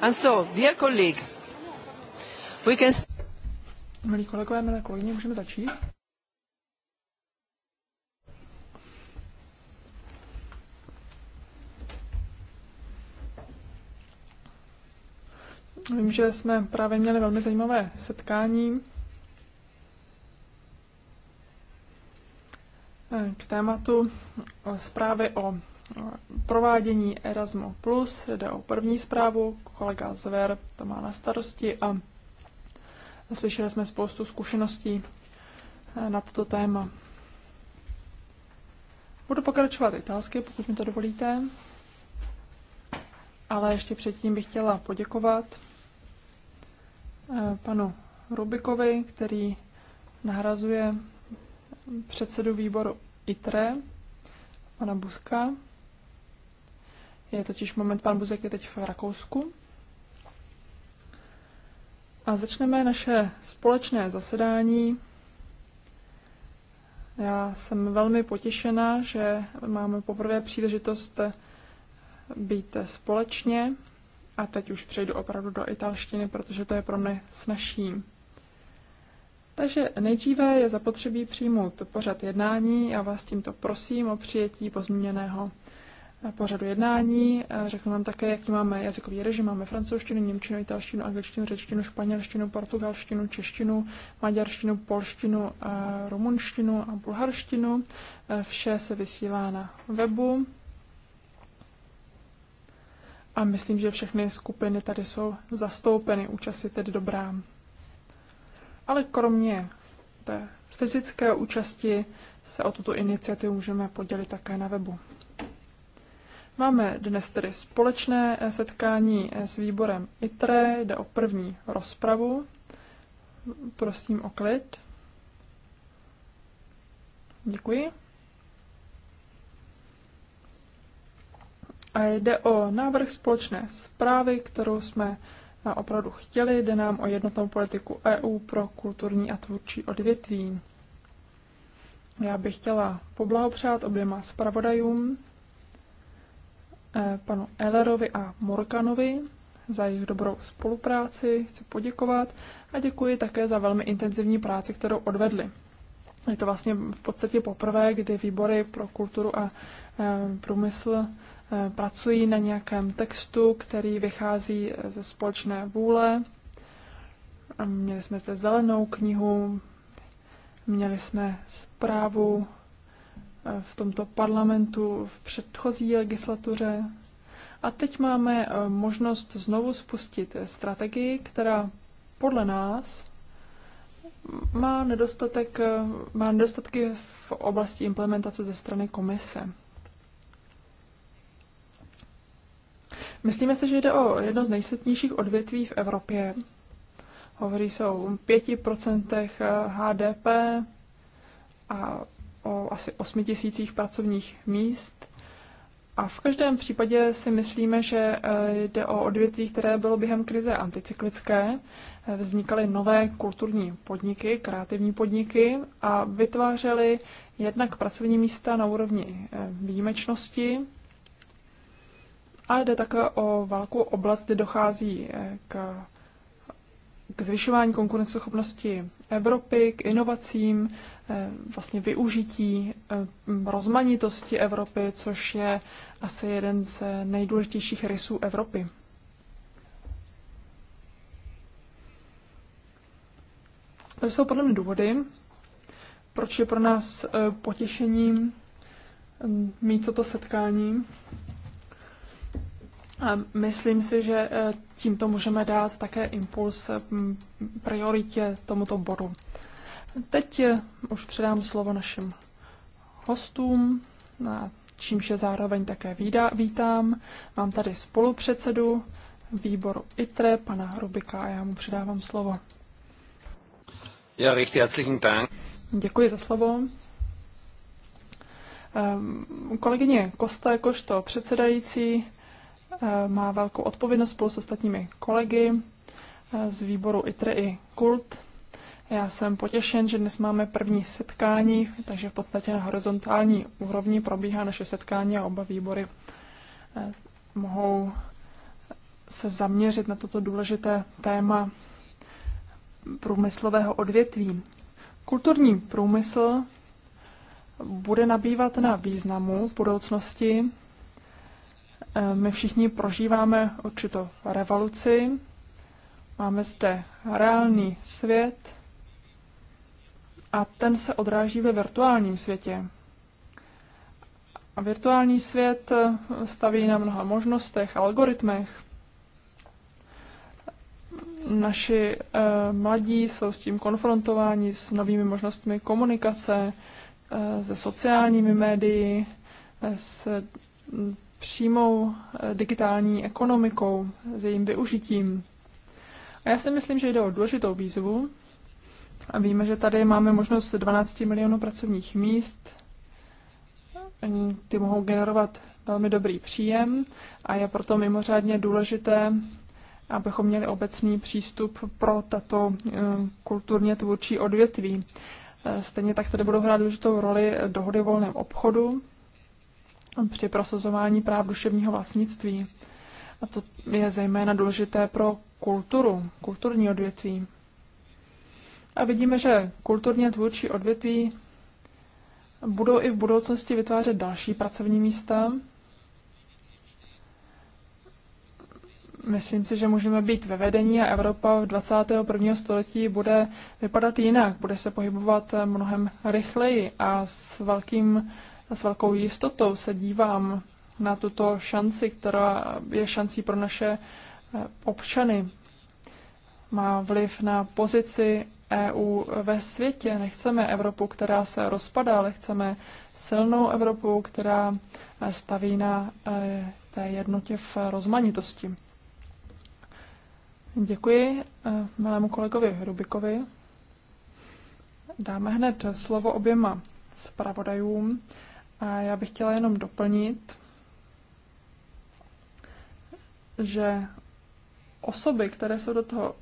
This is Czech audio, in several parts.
And so, dear colleague, we can... Milí kolegové, milé kolegyně, můžeme začít? Vím, že jsme právě měli velmi zajímavé setkání eh, k tématu eh, zprávy o provádění Erasmo+, Plus, jde o první zprávu, kolega Zver to má na starosti a slyšeli jsme spoustu zkušeností eh, na toto téma. Budu pokračovat italsky, pokud mi to dovolíte, ale ještě předtím bych chtěla poděkovat eh, panu Rubikovi, který nahrazuje předsedu výboru ITRE, pana Buska. Je totiž moment, pan Buzek je teď v Rakousku. A začneme naše společné zasedání. Já jsem velmi potěšena, že máme poprvé příležitost být společně. A teď už přejdu opravdu do italštiny, protože to je pro mě snažší. Takže nejdříve je zapotřebí přijmout pořad jednání. Já vás tímto prosím o přijetí pozměněného pořadu jednání. Eh, řeknu vám také, jaký máme jazykový režim. Máme francouzštinu, němčinu, italštinu, angličtinu, řečtinu, španělštinu, portugalštinu, češtinu, maďarštinu, polštinu, eh, rumunštinu a bulharštinu. Eh, vše se vysílá na webu. A myslím, že všechny skupiny tady jsou zastoupeny. Účast je tedy dobrá. Ale kromě té fyzické účasti se o tuto iniciativu můžeme podělit také na webu. Máme dnes tedy společné setkání s výborem ITRE, jde o první rozpravu. Prosím o klid. Děkuji. A jde o návrh společné zprávy, kterou jsme eh, opravdu chtěli. Jde nám o jednotnou politiku EU pro kulturní a tvůrčí odvětví. Já bych chtěla poblahopřát oběma zpravodajům Eh, panu Ellerovi a Morkanovi za jejich dobrou spolupráci, chci poděkovat a děkuji také za velmi intenzivní práci, kterou odvedli. Je to vlastně v podstatě poprvé, kdy výbory pro kulturu a eh, průmysl eh, pracují na nějakém textu, který vychází ze společné vůle. Měli jsme zde zelenou knihu, měli jsme zprávu v tomto parlamentu v předchozí legislatuře. A teď máme eh, možnost znovu spustit strategii, která podle nás má, nedostatek, eh, má nedostatky v oblasti implementace ze strany komise. Myslíme si, že jde o jedno z nejsvětnějších odvětví v Evropě. Hovoří se o 5% eh, HDP a o asi 8 tisících pracovních míst. A v každém případě si myslíme, že eh, jde o odvětví, které bylo během krize anticyklické. Eh, vznikaly nové kulturní podniky, kreativní podniky a vytvářely jednak pracovní místa na úrovni eh, výjimečnosti, a jde také o velkou oblast, kde dochází k k zvyšování konkurenceschopnosti Evropy, k inovacím, eh, vlastně využití eh, rozmanitosti Evropy, což je asi jeden z nejdůležitějších rysů Evropy. To jsou podle mě důvody, proč je pro nás eh, potěšením mm, mít toto setkání a myslím si, že eh, tímto můžeme dát také impuls eh, prioritě tomuto bodu. Teď eh, už předám slovo našim hostům, na čímž je zároveň také vída, vítám. Mám tady spolupředsedu výboru ITRE, pana Rubika, a já mu předávám slovo. Ja, recht herzlichen Dank. Děkuji za slovo. Ehm, kolegyně Kosta, jakožto předsedající, Eh, má velkou odpovědnost spolu s ostatními kolegy eh, z výboru ITRE i KULT. Já jsem potěšen, že dnes máme první setkání, takže v podstatě na horizontální úrovni probíhá naše setkání a oba výbory eh, mohou se zaměřit na toto důležité téma průmyslového odvětví. Kulturní průmysl bude nabývat na významu v budoucnosti Eh, my všichni prožíváme určitou revoluci. Máme zde reálný svět a ten se odráží ve virtuálním světě. A virtuální svět eh, staví na mnoha možnostech, algoritmech. Naši e, mladí jsou s tím konfrontováni s novými možnostmi komunikace, e, se sociálními médii, e, s přímou eh, digitální ekonomikou, s jejím využitím. A já si myslím, že jde o důležitou výzvu. A víme, že tady máme možnost 12 milionů pracovních míst. Ty mohou generovat velmi dobrý příjem a je proto mimořádně důležité, abychom měli obecný přístup pro tato eh, kulturně tvůrčí odvětví. Eh, stejně tak tady budou hrát důležitou roli dohody o volném obchodu, při prosazování práv duševního vlastnictví. A to je zejména důležité pro kulturu, kulturní odvětví. A vidíme, že kulturně tvůrčí odvětví budou i v budoucnosti vytvářet další pracovní místa. Myslím si, že můžeme být ve vedení a Evropa v 21. století bude vypadat jinak, bude se pohybovat mnohem rychleji a s velkým s velkou jistotou se dívám na tuto šanci, která je šancí pro naše eh, občany. Má vliv na pozici EU ve světě. Nechceme Evropu, která se rozpadá, ale chceme silnou Evropu, která eh, staví na eh, té jednotě v rozmanitosti. Děkuji milému kolegovi Rubikovi. Dáme hned slovo oběma zpravodajům a já bych chtěla jenom doplnit, že osoby, které jsou do toho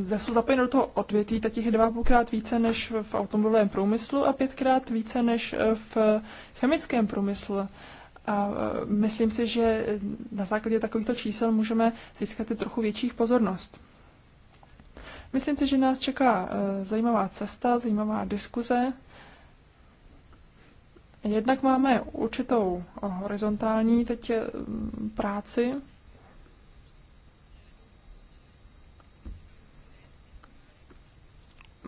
zde eh, jsou zapojeny do toho odvětví, tak těch je dva půlkrát více než v automobilovém průmyslu a pětkrát více než eh, v chemickém průmyslu. A eh, myslím si, že na základě takovýchto čísel můžeme získat i trochu větších pozornost. Myslím si, že nás čeká zajímavá cesta, zajímavá diskuze Jednak máme určitou eh, horizontální teď eh, práci,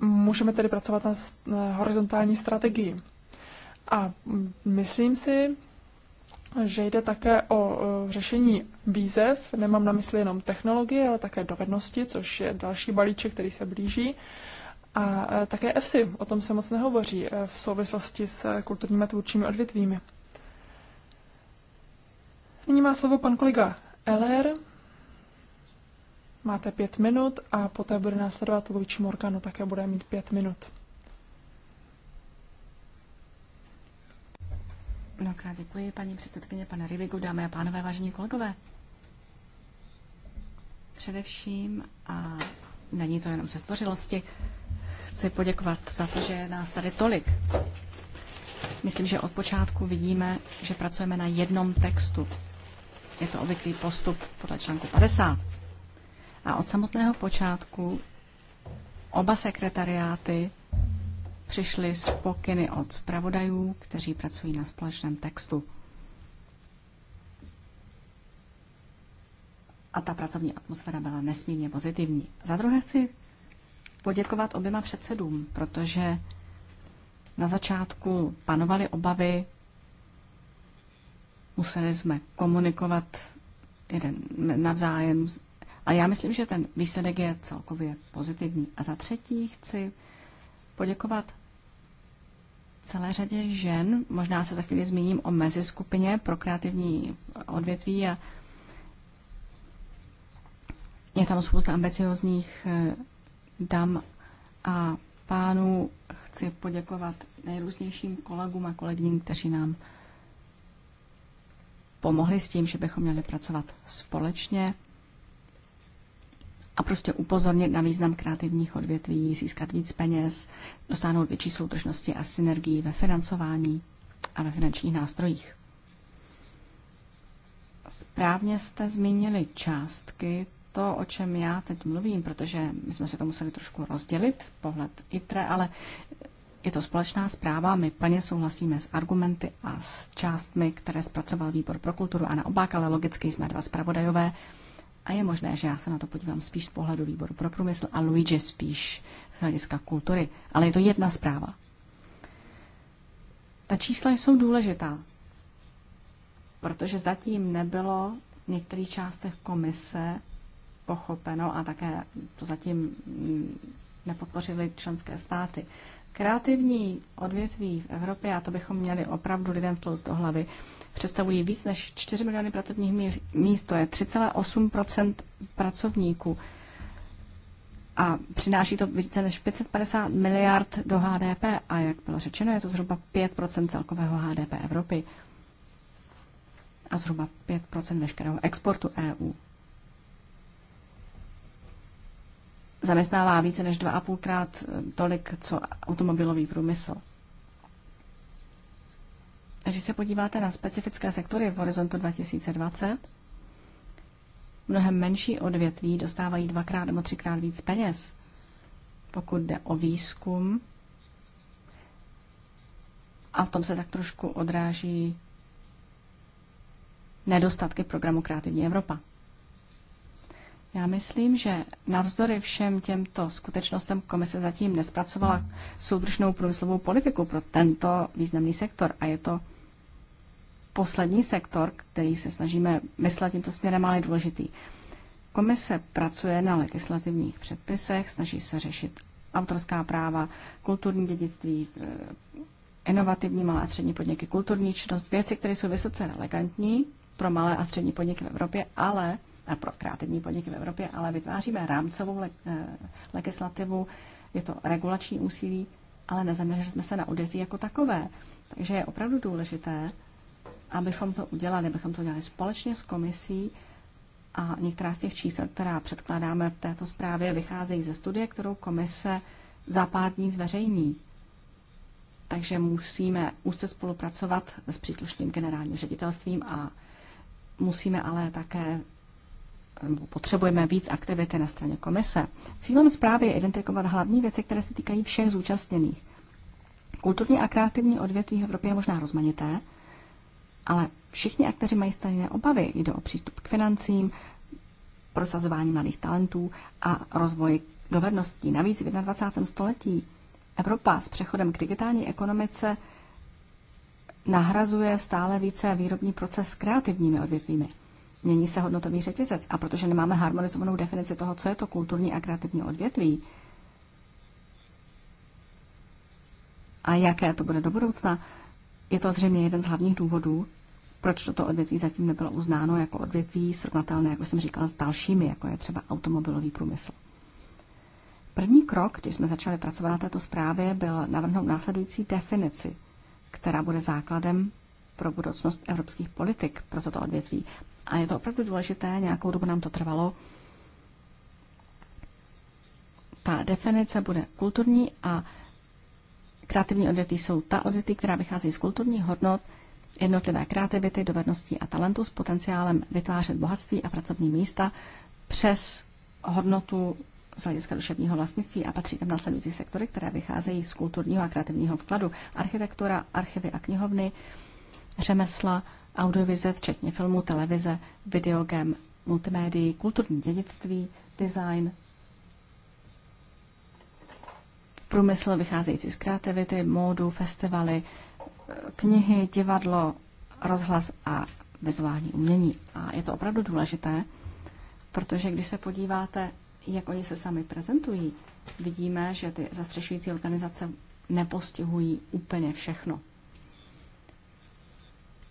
můžeme tedy pracovat na horizontální strategii. A myslím si, že jde také o eh, řešení výzev. Nemám na mysli jenom technologie, ale také dovednosti, což je další balíček, který se blíží. A e, také EFSI, o tom se moc nehovoří e, v souvislosti s e, kulturními tvůrčími odvětvími. Nyní má slovo pan kolega Eller. Máte pět minut a poté bude následovat Luigi Morgano, také bude mít pět minut. Mnohokrát děkuji, paní předsedkyně, pane Rybigu, dámy a pánové, vážení kolegové. Především, a není to jenom se stvořilosti, chci poděkovat za to, že nás tady tolik. Myslím, že od počátku vidíme, že pracujeme na jednom textu. Je to obvyklý postup podle článku 50. A od samotného počátku oba sekretariáty přišly z pokyny od zpravodajů, kteří pracují na společném textu. A ta pracovní atmosféra byla nesmírně pozitivní. Za druhé chci poděkovat oběma předsedům, protože na začátku panovaly obavy, museli jsme komunikovat jeden navzájem. A já myslím, že ten výsledek je celkově pozitivní. A za třetí chci poděkovat celé řadě žen. Možná se za chvíli zmíním o meziskupině pro kreativní odvětví a je tam spousta ambiciozních eh, Dám a pánů chci poděkovat nejrůznějším kolegům a kolegyním, kteří nám pomohli s tím, že bychom měli pracovat společně a prostě upozornit na význam kreativních odvětví, získat víc peněz, dosáhnout větší soudržnosti a synergii ve financování a ve finančních nástrojích. Správně jste zmínili částky to, o čem já teď mluvím, protože my jsme si to museli trošku rozdělit, pohled ITRE, ale je to společná zpráva, my plně souhlasíme s argumenty a s částmi, které zpracoval Výbor pro kulturu a naopak, ale logicky jsme dva zpravodajové a je možné, že já se na to podívám spíš z pohledu Výboru pro průmysl a Luigi spíš z hlediska kultury, ale je to jedna zpráva. Ta čísla jsou důležitá, protože zatím nebylo v některých částech komise pochopeno a také to zatím nepodpořili členské státy. Kreativní odvětví v Evropě, a to bychom měli opravdu lidem tloust do hlavy, představují víc než 4 miliony pracovních míst, to je 3,8 pracovníků a přináší to více než 550 miliard do HDP a jak bylo řečeno, je to zhruba 5 celkového HDP Evropy a zhruba 5 veškerého exportu EU. zaměstnává více než 2,5 krát eh, tolik, co automobilový průmysl. Když se podíváte na specifické sektory v horizontu 2020, mnohem menší odvětví dostávají dvakrát nebo třikrát víc peněz, pokud jde o výzkum. A v tom se tak trošku odráží nedostatky programu Kreativní Evropa. Já myslím, že navzdory všem těmto skutečnostem komise zatím nespracovala soudržnou průmyslovou politiku pro tento významný sektor a je to poslední sektor, který se snažíme myslet tímto směrem, ale je důležitý. Komise pracuje na legislativních předpisech, snaží se řešit autorská práva, kulturní dědictví, eh, inovativní malé a střední podniky, kulturní činnost, věci, které jsou vysoce elegantní pro malé a střední podniky v Evropě, ale a pro kreativní podniky v Evropě, ale vytváříme rámcovou le- eh, legislativu, je to regulační úsilí, ale nezaměřili jsme se na odvětví jako takové. Takže je opravdu důležité, abychom to udělali, abychom to dělali společně s komisí a některá z těch čísel, která předkládáme v této zprávě, vycházejí ze studie, kterou komise za pár dní zveřejní. Takže musíme úzce spolupracovat s příslušným generálním ředitelstvím a musíme ale také potřebujeme víc aktivity na straně komise. Cílem zprávy je identifikovat hlavní věci, které se týkají všech zúčastněných. Kulturní a kreativní odvětví v Evropě je možná rozmanité, ale všichni akteři mají stejné obavy. Jde o přístup k financím, prosazování mladých talentů a rozvoj dovedností. Navíc v 21. století Evropa s přechodem k digitální ekonomice nahrazuje stále více výrobní proces kreativními odvětvími. Mění se hodnotový řetězec a protože nemáme harmonizovanou definici toho, co je to kulturní a kreativní odvětví a jaké to bude do budoucna, je to zřejmě jeden z hlavních důvodů, proč toto odvětví zatím nebylo uznáno jako odvětví srovnatelné, jako jsem říkala, s dalšími, jako je třeba automobilový průmysl. První krok, když jsme začali pracovat na této zprávě, byl navrhnout následující definici, která bude základem pro budoucnost evropských politik pro toto odvětví. A je to opravdu důležité, nějakou dobu nám to trvalo. Ta definice bude kulturní a kreativní odvětví jsou ta odvětví, která vychází z kulturních hodnot, jednotlivé kreativity, dovedností a talentu s potenciálem vytvářet bohatství a pracovní místa přes hodnotu z hlediska duševního vlastnictví a patří tam následující sektory, které vycházejí z kulturního a kreativního vkladu. Architektura, archivy a knihovny, řemesla, audiovize, včetně filmu, televize, videogem, multimédií, kulturní dědictví, design, průmysl vycházející z kreativity, módu, festivaly, knihy, divadlo, rozhlas a vizuální umění. A je to opravdu důležité, protože když se podíváte, jak oni se sami prezentují, vidíme, že ty zastřešující organizace nepostihují úplně všechno.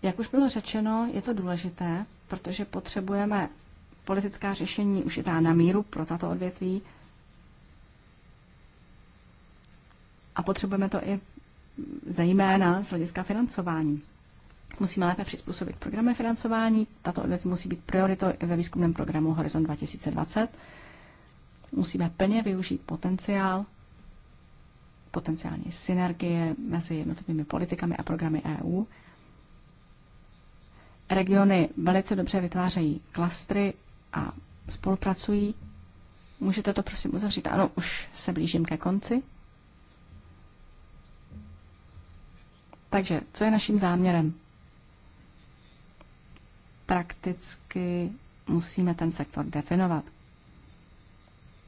Jak už bylo řečeno, je to důležité, protože potřebujeme politická řešení ušitá na míru pro tato odvětví a potřebujeme to i zejména z hlediska financování. Musíme lépe přizpůsobit programy financování. Tato odvětví musí být prioritou ve výzkumném programu Horizon 2020. Musíme plně využít potenciál, potenciální synergie mezi jednotlivými politikami a programy EU regiony velice dobře vytvářejí klastry a spolupracují. Můžete to prosím uzavřít? Ano, už se blížím ke konci. Takže, co je naším záměrem? Prakticky musíme ten sektor definovat.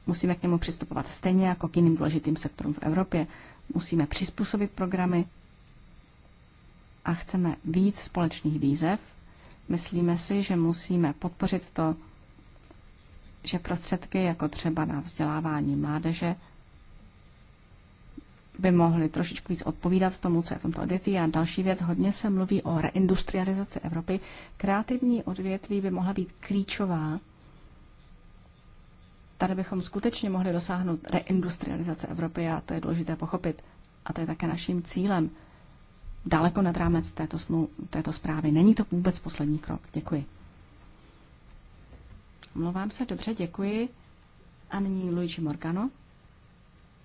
Musíme k němu přistupovat stejně jako k jiným důležitým sektorům v Evropě. Musíme přizpůsobit programy a chceme víc společných výzev, Myslíme si, že musíme podpořit to, že prostředky jako třeba na vzdělávání mládeže by mohly trošičku víc odpovídat tomu, co je v tomto odvětví. A další věc, hodně se mluví o reindustrializaci Evropy. Kreativní odvětví by mohla být klíčová. Tady bychom skutečně mohli dosáhnout reindustrializace Evropy a to je důležité pochopit. A to je také naším cílem daleko nad rámec této, smlu- této zprávy. Není to vůbec poslední krok. Děkuji. Mluvám se, dobře, děkuji. A nyní Luigi Morgano.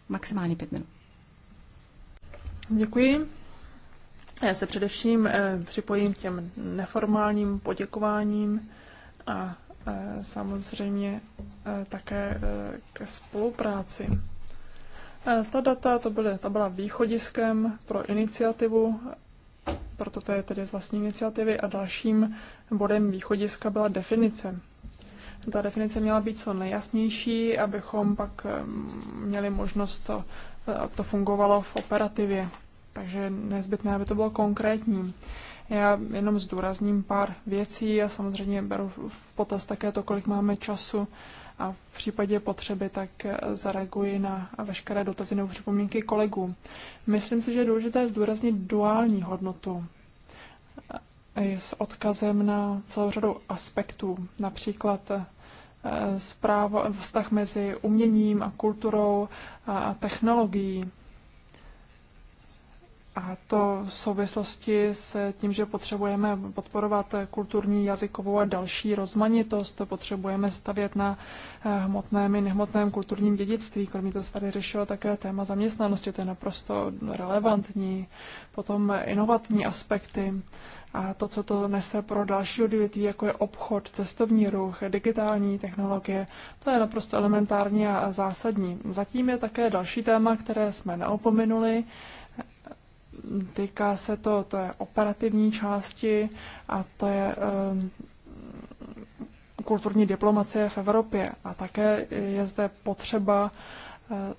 Maximálně pět minut. Děkuji. Já se především eh, připojím k těm neformálním poděkováním a eh, samozřejmě eh, také eh, ke spolupráci. Eh, ta data to, byly, ta byla východiskem pro iniciativu, proto to je tedy z vlastní iniciativy a dalším bodem východiska byla definice. Ta definice měla být co nejjasnější, abychom pak eh, měli možnost to, eh, aby to fungovalo v operativě. Takže nezbytné, aby to bylo konkrétní. Já jenom zdůrazním pár věcí a samozřejmě beru v potaz také to, kolik máme času a v případě potřeby tak zareaguji na veškeré dotazy nebo připomínky kolegů. Myslím si, že je důležité zdůraznit duální hodnotu eh, s odkazem na celou řadu aspektů, například eh, zprávo, vztah mezi uměním a kulturou a technologií a to v souvislosti s tím, že potřebujeme podporovat kulturní, jazykovou a další rozmanitost, potřebujeme stavět na eh, hmotném i nehmotném kulturním dědictví. Kromě toho se tady řešilo také téma zaměstnanosti, to je naprosto relevantní. Potom inovatní aspekty a to, co to nese pro další odvětví, jako je obchod, cestovní ruch, digitální technologie, to je naprosto elementární a zásadní. Zatím je také další téma, které jsme neopominuli, týká se to, to je operativní části a to je ehm, kulturní diplomacie v Evropě. A také je zde potřeba eh,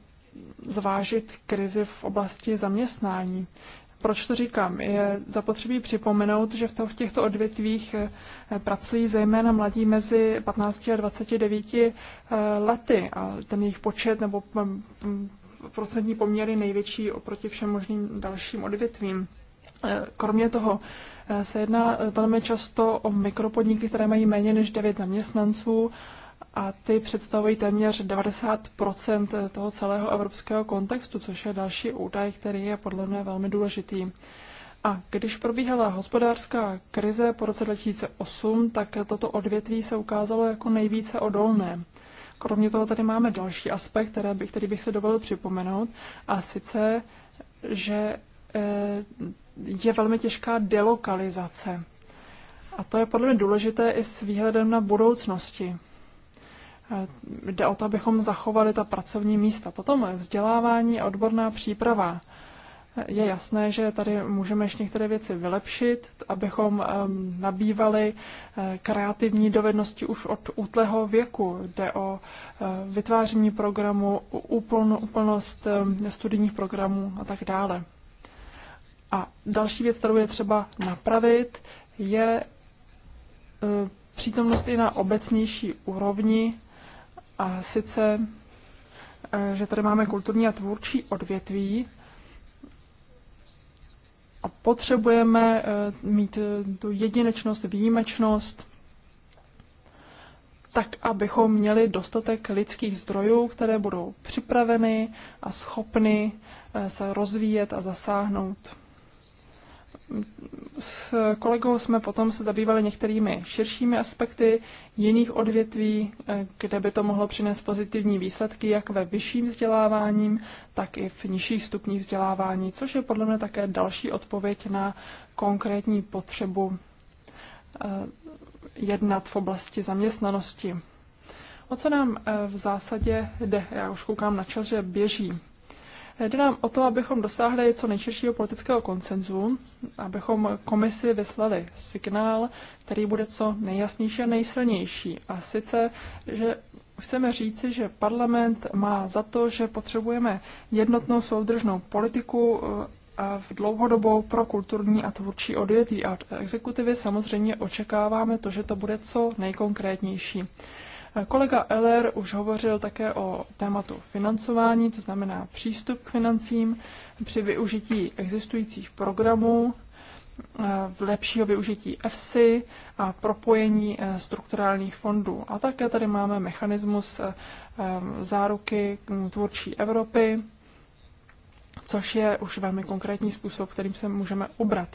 zvážit krizi v oblasti zaměstnání. Proč to říkám? Je zapotřebí připomenout, že v těchto odvětvích eh, pracují zejména mladí mezi 15 a 29 eh, lety a ten jejich počet nebo mm, mm, procentní poměry největší oproti všem možným dalším odvětvím. Eh, kromě toho eh, se jedná eh, velmi často o mikropodniky, které mají méně než 9 zaměstnanců a ty představují téměř 90 toho celého evropského kontextu, což je další údaj, který je podle mě velmi důležitý. A když probíhala hospodářská krize po roce 2008, tak toto odvětví se ukázalo jako nejvíce odolné. Kromě toho tady máme další aspekt, které bych, který bych se dovolil připomenout, a sice, že eh, je velmi těžká delokalizace. A to je podle mě důležité i s výhledem na budoucnosti. Eh, jde o to, abychom zachovali ta pracovní místa. Potom vzdělávání a odborná příprava je jasné, že tady můžeme ještě některé věci vylepšit, abychom ehm, nabývali eh, kreativní dovednosti už od útlého věku. Jde o eh, vytváření programu, úplnost ehm, studijních programů a tak dále. A další věc, kterou je třeba napravit, je eh, přítomnost i na obecnější úrovni, a sice, že tady máme kulturní a tvůrčí odvětví, a potřebujeme eh, mít eh, tu jedinečnost, výjimečnost, tak abychom měli dostatek lidských zdrojů, které budou připraveny a schopny eh, se rozvíjet a zasáhnout s kolegou jsme potom se zabývali některými širšími aspekty jiných odvětví, eh, kde by to mohlo přinést pozitivní výsledky jak ve vyšším vzdělávání, tak i v nižších stupních vzdělávání, což je podle mě také další odpověď na konkrétní potřebu eh, jednat v oblasti zaměstnanosti. O co nám eh, v zásadě jde? Já už koukám na čas, že běží. Jde nám o to, abychom dosáhli co nejširšího politického koncenzu, abychom komisi vyslali signál, který bude co nejjasnější a nejsilnější. A sice, že chceme říci, že parlament má za to, že potřebujeme jednotnou soudržnou politiku eh, a v dlouhodobou pro kulturní a tvůrčí odvětví a od exekutivy samozřejmě očekáváme to, že to bude co nejkonkrétnější. Kolega Eller už hovořil také o tématu financování, to znamená přístup k financím při využití existujících programů, v eh, lepšího využití EFSI a propojení eh, strukturálních fondů. A také tady máme mechanismus eh, záruky mm, tvůrčí Evropy, což je už velmi konkrétní způsob, kterým se můžeme ubrat.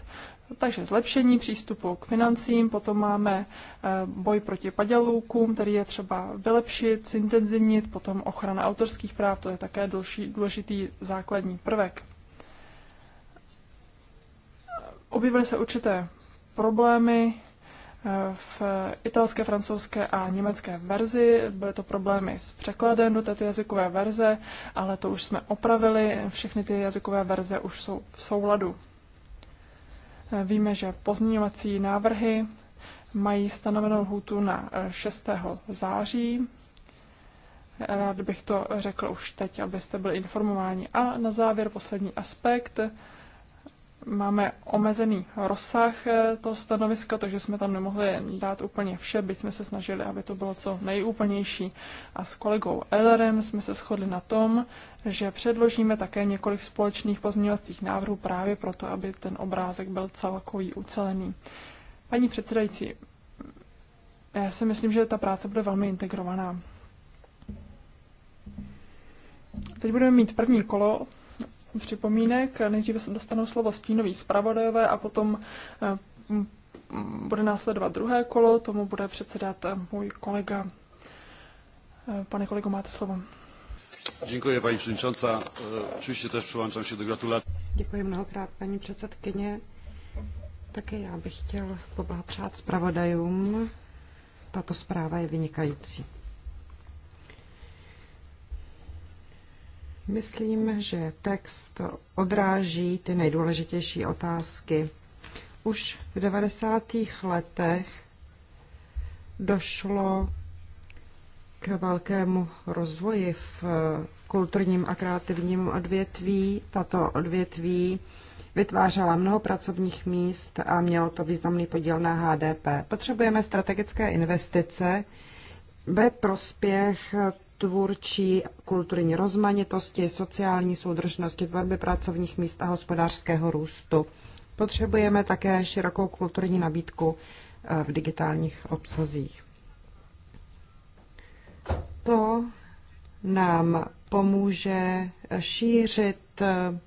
Takže zlepšení přístupu k financím, potom máme eh, boj proti padělůkům, který je třeba vylepšit, zintenzivnit, potom ochrana autorských práv, to je také důležitý základní prvek. Objevily se určité problémy eh, v italské, francouzské a německé verzi. Byly to problémy s překladem do této jazykové verze, ale to už jsme opravili. Všechny ty jazykové verze už jsou v souladu. Víme, že pozměňovací návrhy mají stanovenou lhůtu na 6. Eh, září. Rád bych to řekl už teď, abyste byli informováni. A na závěr poslední aspekt. Máme omezený rozsah eh, toho stanoviska, takže jsme tam nemohli dát úplně vše, byť jsme se snažili, aby to bylo co nejúplnější. A s kolegou Ellerem jsme se shodli na tom, že předložíme také několik společných pozměňovacích návrhů právě proto, aby ten obrázek byl celkový, ucelený. Paní předsedající, já si myslím, že ta práce bude velmi integrovaná. Teď budeme mít první kolo připomínek. Nejdříve se dostanou slovo stínový zpravodajové a potom eh, bude následovat druhé kolo, tomu bude předsedat eh, můj kolega. Eh, pane kolego, máte slovo. Děkuji, paní předsedkyně. Oczywiście też přiłączam się do gratulací. Děkuji mnohokrát, paní předsedkyně. Také já bych chtěl poblahopřát zpravodajům. Tato zpráva je vynikající. Myslím, že text odráží ty nejdůležitější otázky. Už v 90. letech došlo k velkému rozvoji v eh, kulturním a kreativním odvětví. Tato odvětví vytvářela mnoho pracovních míst a mělo to významný podíl na HDP. Potřebujeme strategické investice ve prospěch eh, tvůrčí kulturní rozmanitosti, sociální soudržnosti, tvorby pracovních míst a hospodářského růstu. Potřebujeme také širokou kulturní nabídku eh, v digitálních obsazích to nám pomůže šířit eh,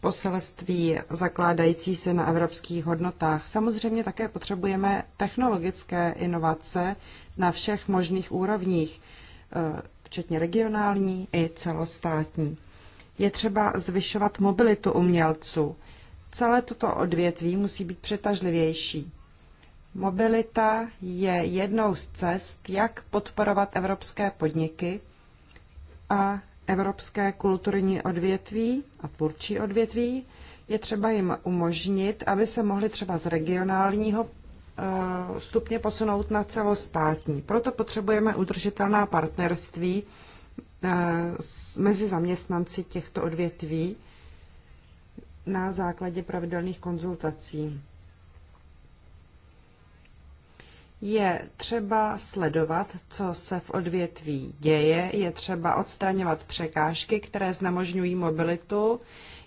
poselství zakládající se na evropských hodnotách. Samozřejmě také potřebujeme technologické inovace na všech možných úrovních, eh, včetně regionální i celostátní. Je třeba zvyšovat mobilitu umělců. Celé toto odvětví musí být přitažlivější. Mobilita je jednou z cest, jak podporovat evropské podniky a evropské kulturní odvětví a tvůrčí odvětví. Je třeba jim umožnit, aby se mohli třeba z regionálního eh, stupně posunout na celostátní. Proto potřebujeme udržitelná partnerství eh, mezi zaměstnanci těchto odvětví na základě pravidelných konzultací. Je třeba sledovat, co se v odvětví děje, je třeba odstraňovat překážky, které znemožňují mobilitu,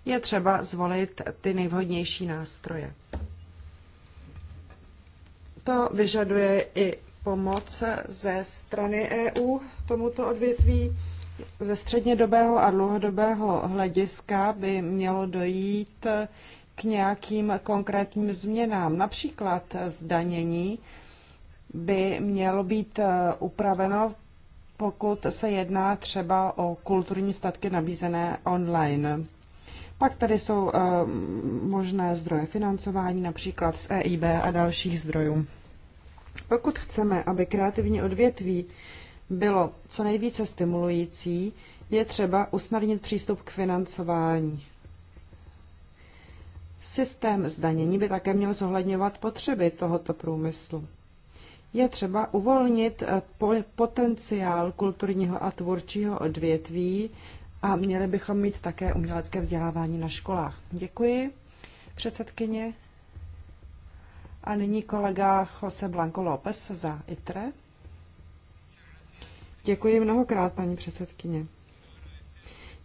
je třeba zvolit ty nejvhodnější nástroje. To vyžaduje i pomoc ze strany EU tomuto odvětví. Ze střednědobého a dlouhodobého hlediska by mělo dojít k nějakým konkrétním změnám, například zdanění, by mělo být eh, upraveno, pokud se jedná třeba o kulturní statky nabízené online. Pak tady jsou eh, možné zdroje financování, například z EIB a dalších zdrojů. Pokud chceme, aby kreativní odvětví bylo co nejvíce stimulující, je třeba usnadnit přístup k financování. Systém zdanění by také měl zohledňovat potřeby tohoto průmyslu je třeba uvolnit eh, potenciál kulturního a tvůrčího odvětví a měli bychom mít také umělecké vzdělávání na školách. Děkuji, předsedkyně. A nyní kolega Jose Blanco López za ITRE. Děkuji mnohokrát, paní předsedkyně.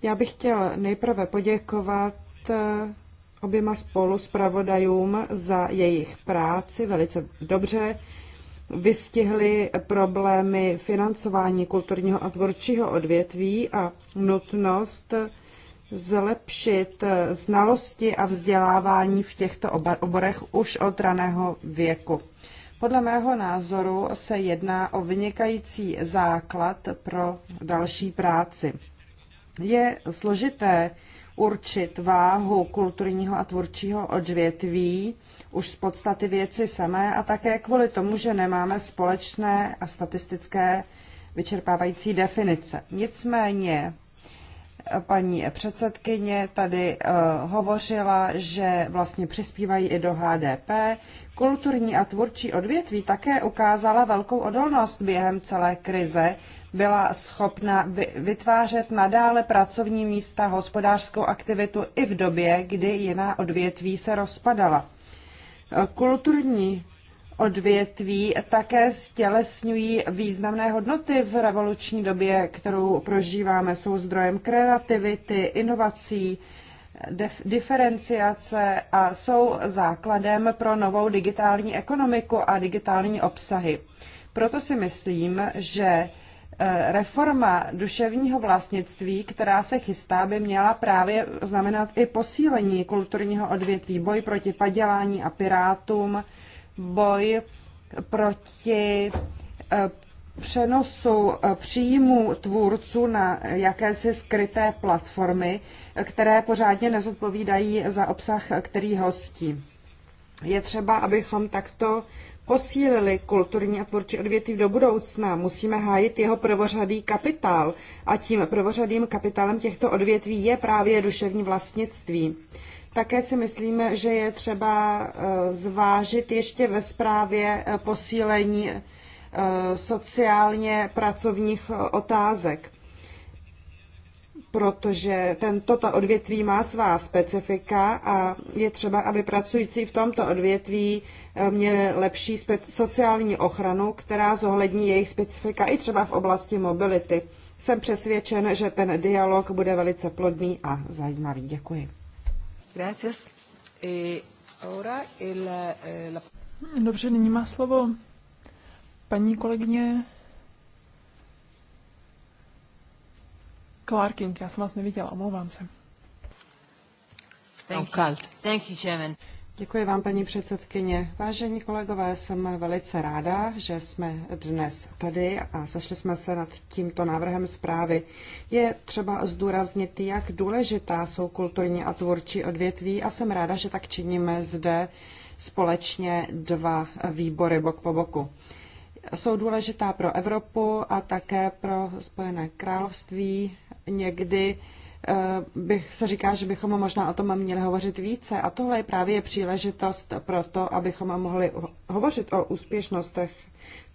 Já bych chtěl nejprve poděkovat eh, oběma spolu zpravodajům za jejich práci velice dobře vystihli problémy financování kulturního a tvůrčího odvětví a nutnost zlepšit znalosti a vzdělávání v těchto oborech už od raného věku. Podle mého názoru se jedná o vynikající základ pro další práci. Je složité určit váhu kulturního a tvůrčího odvětví už z podstaty věci samé a také kvůli tomu, že nemáme společné a statistické vyčerpávající definice. Nicméně paní předsedkyně tady uh, hovořila, že vlastně přispívají i do HDP. Kulturní a tvůrčí odvětví také ukázala velkou odolnost během celé krize, byla schopna vytvářet nadále pracovní místa, hospodářskou aktivitu i v době, kdy jiná odvětví se rozpadala. Kulturní odvětví také stělesňují významné hodnoty v revoluční době, kterou prožíváme. Jsou zdrojem kreativity, inovací, diferenciace a jsou základem pro novou digitální ekonomiku a digitální obsahy. Proto si myslím, že Eh, reforma duševního vlastnictví, která se chystá, by měla právě znamenat i posílení kulturního odvětví, boj proti padělání a pirátům, boj proti eh, přenosu eh, příjmů tvůrců na jakési skryté platformy, které pořádně nezodpovídají za obsah, který hostí. Je třeba, abychom takto posílili kulturní a tvůrčí odvětví do budoucna, musíme hájit jeho prvořadý kapitál a tím prvořadým kapitálem těchto odvětví je právě duševní vlastnictví. Také si myslíme, že je třeba eh, zvážit ještě ve zprávě eh, posílení eh, sociálně pracovních otázek protože tento toto odvětví má svá specifika a je třeba, aby pracující v tomto odvětví eh, měli lepší sociální ochranu, která zohlední jejich specifika i třeba v oblasti mobility. Jsem přesvědčen, že ten dialog bude velice plodný a zajímavý. Děkuji. Gracias. Eh, ahora el, eh, la... Dobře, nyní má slovo paní kolegyně Clarking, já jsem vás neviděla, omlouvám se. Thank you. Thank you, Chairman. Děkuji vám, paní předsedkyně. Vážení kolegové, jsem velice ráda, že jsme dnes tady a sešli jsme se nad tímto návrhem zprávy. Je třeba zdůraznit, jak důležitá jsou kulturní a tvůrčí odvětví a jsem ráda, že tak činíme zde společně dva výbory bok po boku. Jsou důležitá pro Evropu a také pro Spojené království, někdy eh, bych se říká, že bychom možná o tom měli hovořit více. A tohle je právě příležitost pro to, abychom mohli hovořit o úspěšnostech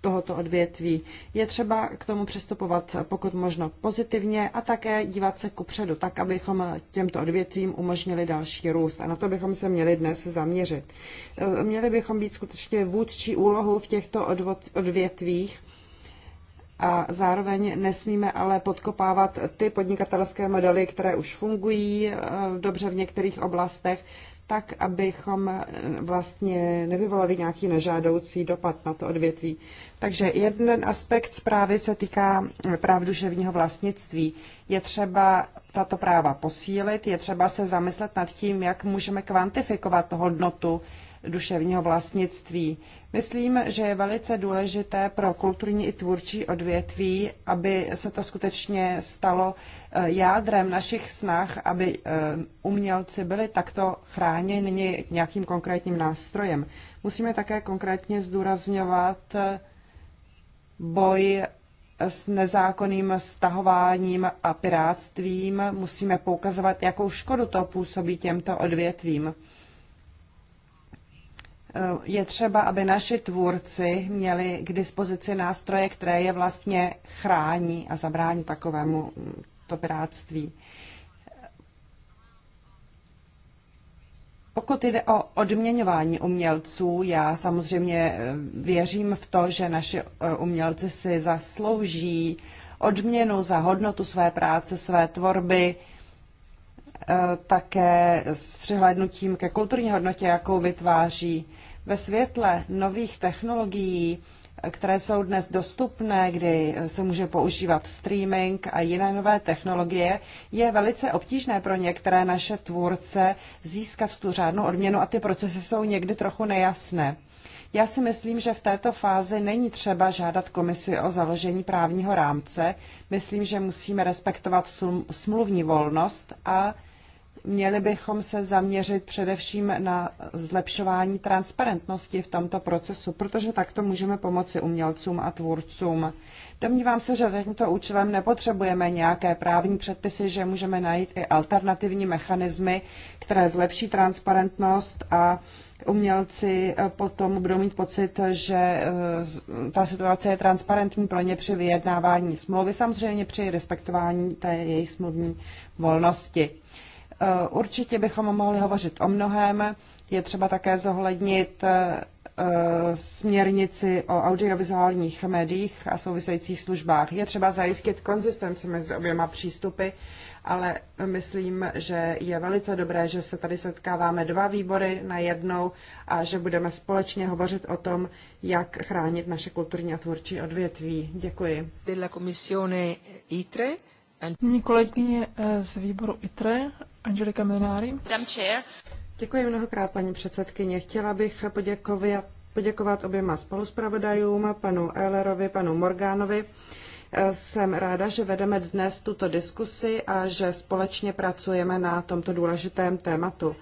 tohoto odvětví. Je třeba k tomu přistupovat pokud možno pozitivně a také dívat se kupředu, tak abychom těmto odvětvím umožnili další růst. A na to bychom se měli dnes zaměřit. Eh, měli bychom být skutečně vůdčí úlohu v těchto odvětvích a zároveň nesmíme ale podkopávat ty podnikatelské modely, které už fungují eh, dobře v některých oblastech, tak, abychom eh, vlastně nevyvolali nějaký nežádoucí dopad na to odvětví. Takže jeden aspekt zprávy se týká eh, práv duševního vlastnictví. Je třeba tato práva posílit, je třeba se zamyslet nad tím, jak můžeme kvantifikovat hodnotu duševního vlastnictví. Myslím, že je velice důležité pro kulturní i tvůrčí odvětví, aby se to skutečně stalo eh, jádrem našich snah, aby eh, umělci byli takto chráněni nějakým konkrétním nástrojem. Musíme také konkrétně zdůrazňovat eh, boj s nezákonným stahováním a pirátstvím. Musíme poukazovat, jakou škodu to působí těmto odvětvím. Eh, je třeba, aby naši tvůrci měli k dispozici nástroje, které je vlastně chrání a zabrání takovému mm, to piráctví. Pokud jde o odměňování umělců, já samozřejmě eh, věřím v to, že naši eh, umělci si zaslouží odměnu za hodnotu své práce, své tvorby, Eh, také s přihlednutím ke kulturní hodnotě, jakou vytváří ve světle nových technologií, eh, které jsou dnes dostupné, kdy eh, se může používat streaming a jiné nové technologie, je velice obtížné pro některé naše tvůrce získat tu řádnou odměnu a ty procesy jsou někdy trochu nejasné. Já si myslím, že v této fázi není třeba žádat komisi o založení právního rámce. Myslím, že musíme respektovat smluvní volnost a Měli bychom se zaměřit především na zlepšování transparentnosti v tomto procesu, protože takto můžeme pomoci umělcům a tvůrcům. Domnívám se, že za tímto účelem nepotřebujeme nějaké právní předpisy, že můžeme najít i alternativní mechanismy, které zlepší transparentnost a umělci eh, potom budou mít pocit, že eh, ta situace je transparentní pro ně při vyjednávání smlouvy, samozřejmě při respektování té jejich smluvní volnosti. Eh, určitě bychom mohli hovořit o mnohem. Je třeba také zohlednit eh, směrnici o audiovizuálních médiích a souvisejících službách. Je třeba zajistit konzistenci mezi oběma přístupy, ale myslím, že je velice dobré, že se tady setkáváme dva výbory na jednou a že budeme společně hovořit o tom, jak chránit naše kulturní a tvůrčí odvětví. Děkuji. Della ITRE. E. Eh, z výboru ITRE Angelika Minári. Děkuji mnohokrát, paní předsedkyně. Chtěla bych poděkovat, poděkovat oběma spoluspravodajům, panu Ellerovi, panu Morgánovi. Jsem ráda, že vedeme dnes tuto diskusi a že společně pracujeme na tomto důležitém tématu.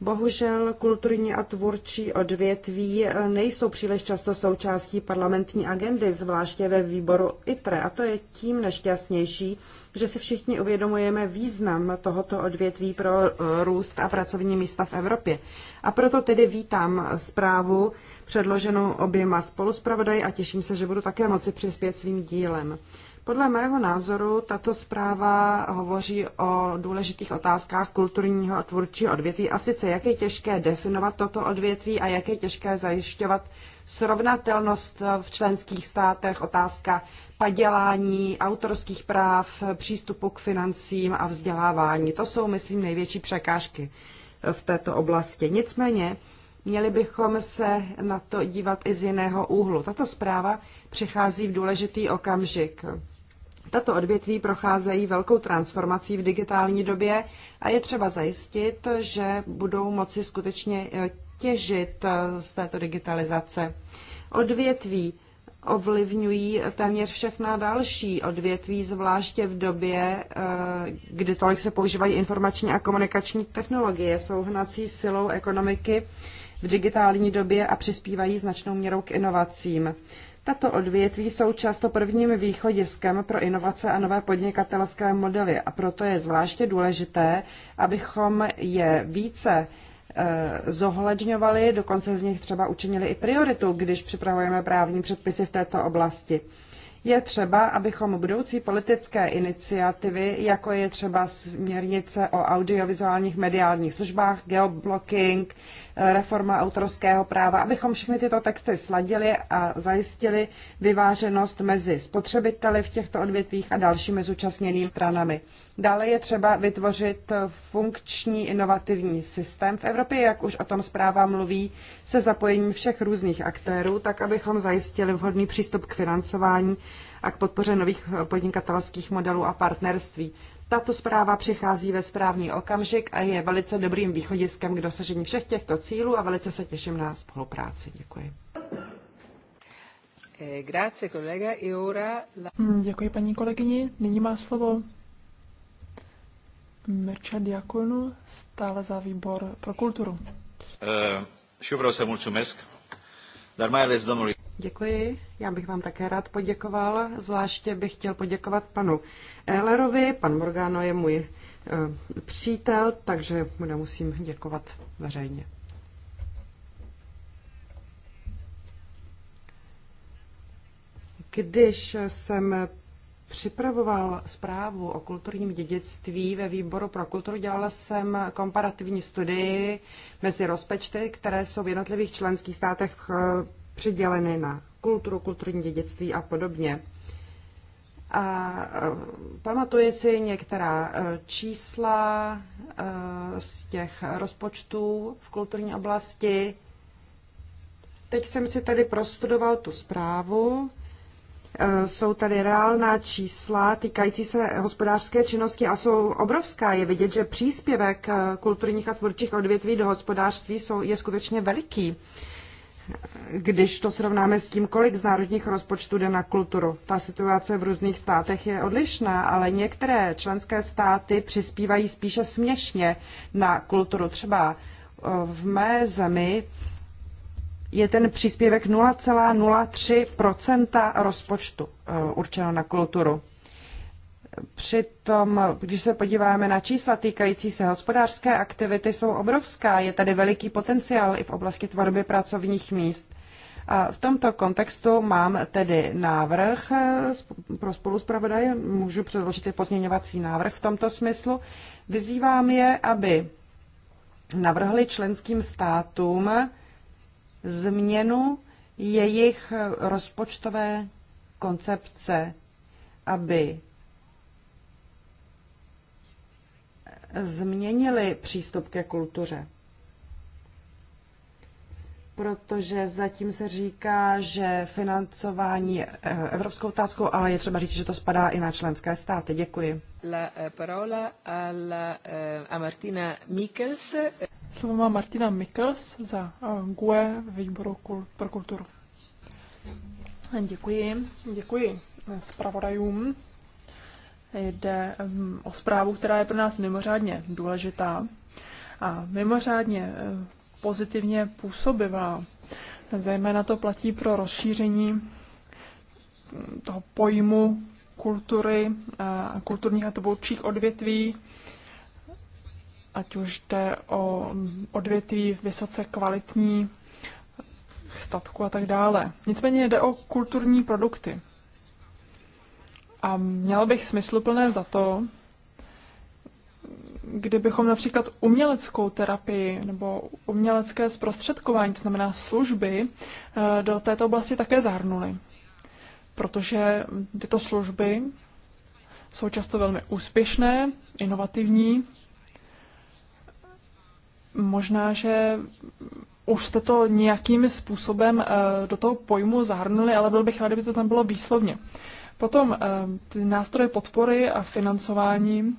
Bohužel kulturní a tvůrčí odvětví eh, nejsou příliš často součástí parlamentní agendy, zvláště ve výboru ITRE. A to je tím nešťastnější, že si všichni uvědomujeme význam tohoto odvětví pro eh, růst a pracovní místa v Evropě. A proto tedy vítám zprávu předloženou oběma spoluspravodaj a těším se, že budu také moci přispět svým dílem. Podle mého názoru tato zpráva hovoří o důležitých otázkách kulturního a tvůrčího odvětví a sice jak je těžké definovat toto odvětví a jak je těžké zajišťovat srovnatelnost v členských státech, otázka padělání, autorských práv, přístupu k financím a vzdělávání. To jsou, myslím, největší překážky v této oblasti. Nicméně, Měli bychom se na to dívat i z jiného úhlu. Tato zpráva přichází v důležitý okamžik. Tato odvětví procházejí velkou transformací v digitální době a je třeba zajistit, že budou moci skutečně eh, těžit eh, z této digitalizace. Odvětví ovlivňují téměř všechna další odvětví, zvláště v době, eh, kdy tolik se používají informační a komunikační technologie. Jsou hnací silou ekonomiky v digitální době a přispívají značnou měrou k inovacím. Tato odvětví jsou často prvním východiskem pro inovace a nové podnikatelské modely a proto je zvláště důležité, abychom je více eh, zohledňovali, dokonce z nich třeba učinili i prioritu, když připravujeme právní předpisy v této oblasti. Je třeba, abychom budoucí politické iniciativy, jako je třeba směrnice o audiovizuálních mediálních službách, geoblocking, eh, reforma autorského práva, abychom všechny tyto texty sladili a zajistili vyváženost mezi spotřebiteli v těchto odvětvích a dalšími zúčastněnými stranami. Dále je třeba vytvořit funkční inovativní systém v Evropě, jak už o tom zpráva mluví, se zapojením všech různých aktérů, tak abychom zajistili vhodný přístup k financování a k podpoře nových podnikatelských modelů a partnerství. Tato zpráva přichází ve správný okamžik a je velice dobrým východiskem k dosažení všech těchto cílů a velice se těším na spolupráci. Děkuji. Eh, e hmm, děkuji paní kolegyni. Nyní má slovo Mircea Diaconu, stále za výbor pro kulturu. Și eh, se mulțumesc, dar mai ales domnului. Děkuji. Já bych vám také rád poděkoval. Zvláště bych chtěl poděkovat panu Ehlerovi. Pan Morgano je můj eh, přítel, takže mu nemusím děkovat veřejně. Když jsem připravoval zprávu o kulturním dědictví ve výboru pro kulturu, dělala jsem komparativní studii mezi rozpečty, které jsou v jednotlivých členských státech eh, přiděleny na kulturu, kulturní dědictví a podobně. A eh, pamatuji si některá eh, čísla z těch rozpočtů v kulturní oblasti. Teď jsem si tady prostudoval tu zprávu Eh, jsou tady reálná čísla týkající se hospodářské činnosti a jsou obrovská. Je vidět, že příspěvek eh, kulturních a tvůrčích odvětví do hospodářství jsou, je skutečně veliký když to srovnáme s tím, kolik z národních rozpočtů jde na kulturu. Ta situace v různých státech je odlišná, ale některé členské státy přispívají spíše směšně na kulturu. Třeba eh, v mé zemi je ten příspěvek 0,03 rozpočtu eh, určeno na kulturu. Přitom, když se podíváme na čísla týkající se hospodářské aktivity, jsou obrovská. Je tady veliký potenciál i v oblasti tvorby pracovních míst. A v tomto kontextu mám tedy návrh eh, pro spoluspravodaje, můžu předložit i pozměňovací návrh v tomto smyslu. Vyzývám je, aby navrhli členským státům změnu jejich rozpočtové koncepce, aby změnili přístup ke kultuře. Protože zatím se říká, že financování eh, evropskou otázkou, ale je třeba říct, že to spadá i na členské státy. Děkuji. La eh, parola alla, eh, a Martina Mikkels. Slovo má Martina Mikls za eh, GUE výboru pro kulturu. Děkuji, děkuji eh, zpravodajům. Jde mm, o zprávu, která je pro nás mimořádně důležitá a mimořádně eh, pozitivně působivá. Zejména to platí pro rozšíření mm, toho pojmu kultury a kulturních a tvůrčích odvětví ať už jde o odvětví vysoce kvalitní statku a tak dále. Nicméně jde o kulturní produkty. A měl bych smysluplné za to, kdybychom například uměleckou terapii nebo umělecké zprostředkování, to znamená služby, eh, do této oblasti také zahrnuli. Protože tyto služby jsou často velmi úspěšné, inovativní Možná, že už jste to nějakým způsobem eh, do toho pojmu zahrnuli, ale byl bych rád, kdyby to tam bylo výslovně. Potom eh, ty nástroje podpory a financování,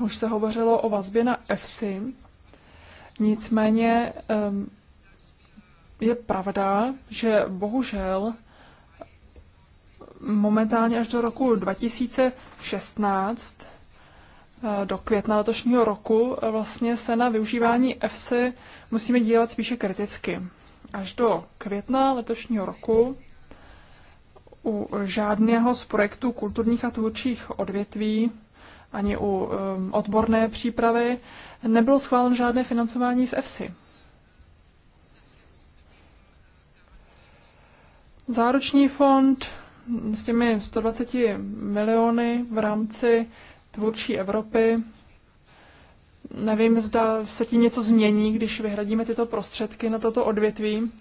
už se hovořilo o vazbě na EFSI, nicméně ehm, je pravda, že bohužel momentálně až do roku 2016 Eh, do května letošního roku eh, vlastně se na využívání EFSI musíme dívat spíše kriticky. Až do května letošního roku u žádného z projektů kulturních a tvůrčích odvětví ani u ehm, odborné přípravy nebylo schváleno žádné financování z EFSI. Záruční fond s těmi 120 miliony v rámci tvůrčí Evropy. Nevím, zda se tím něco změní, když vyhradíme tyto prostředky na toto odvětví.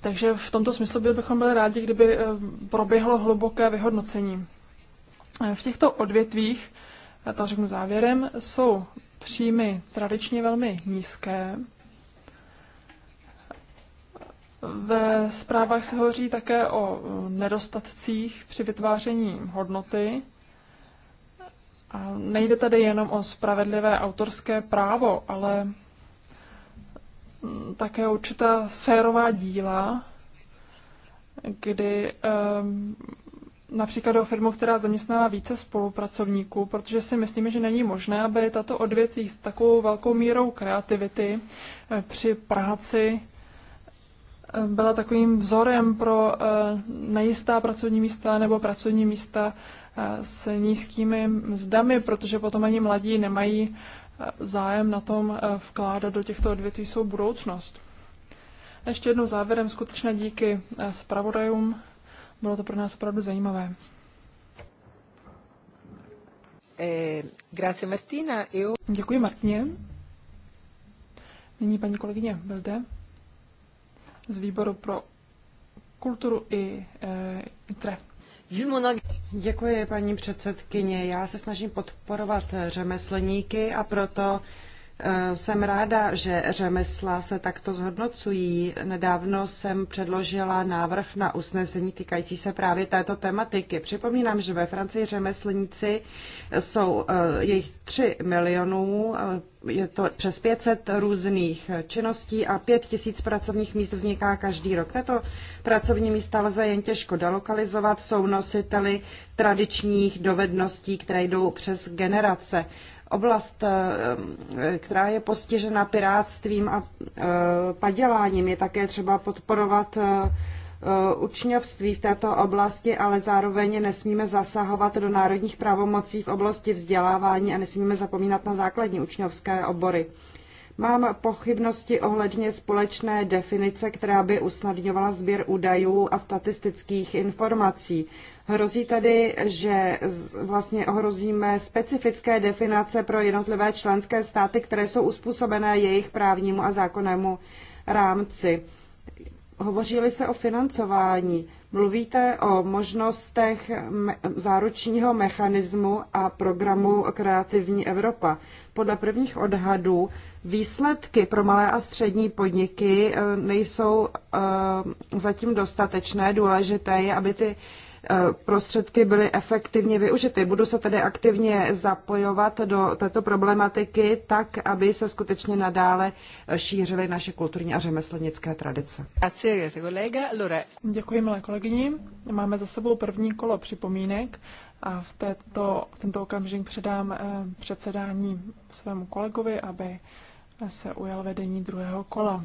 Takže v tomto smyslu bychom byli rádi, kdyby eh, proběhlo hluboké vyhodnocení. Eh, v těchto odvětvích, já to řeknu závěrem, jsou příjmy tradičně velmi nízké. Ve zprávách se hovoří také o eh, nedostatcích při vytváření hodnoty. Nejde tady jenom o spravedlivé autorské právo, ale mm, také určitá férová díla, kdy ehm, například o firmu, která zaměstnává více spolupracovníků, protože si myslíme, že není možné, aby tato odvětví s takovou velkou mírou kreativity eh, při práci eh, byla takovým vzorem pro eh, nejistá pracovní místa nebo pracovní místa, s nízkými mzdami, protože potom ani mladí nemají eh, zájem na tom eh, vkládat do těchto odvětví svou budoucnost. A ještě jednou závěrem skutečně díky eh, zpravodajům. Bylo to pro nás opravdu zajímavé. Grazie Martina. Děkuji Martině. Nyní paní kolegyně Bilde z výboru pro kulturu i e, tre. Děkuji, paní předsedkyně. Já se snažím podporovat řemeslníky a proto jsem ráda, že řemesla se takto zhodnocují. Nedávno jsem předložila návrh na usnesení týkající se právě této tematiky. Připomínám, že ve Francii řemeslníci jsou eh, jejich 3 milionů, eh, je to přes 500 různých činností a 5 tisíc pracovních míst vzniká každý rok. Tato pracovní místa lze jen těžko delokalizovat, jsou nositeli tradičních dovedností, které jdou přes generace oblast, eh, eh, která je postižena pirátstvím a eh, paděláním. Je také třeba podporovat učňovství v této oblasti, ale zároveň nesmíme zasahovat do národních pravomocí v oblasti vzdělávání a nesmíme zapomínat na základní učňovské obory. Mám pochybnosti ohledně společné definice, která by usnadňovala sběr údajů a statistických informací. Hrozí tedy, že vlastně ohrozíme specifické definace pro jednotlivé členské státy, které jsou uspůsobené jejich právnímu a zákonnému rámci. Hovořili se o financování. Mluvíte o možnostech záručního mechanismu a programu Kreativní Evropa. Podle prvních odhadů Výsledky pro malé a střední podniky eh, nejsou eh, zatím dostatečné. Důležité je, aby ty eh, prostředky byly efektivně využity. Budu se tedy aktivně zapojovat do této problematiky tak, aby se skutečně nadále šířily naše kulturní a řemeslnické tradice. Děkuji, milé kolegyni. Máme za sebou první kolo připomínek a v, této, v tento okamžik předám předsedání svému kolegovi, aby se ujal vedení druhého kola.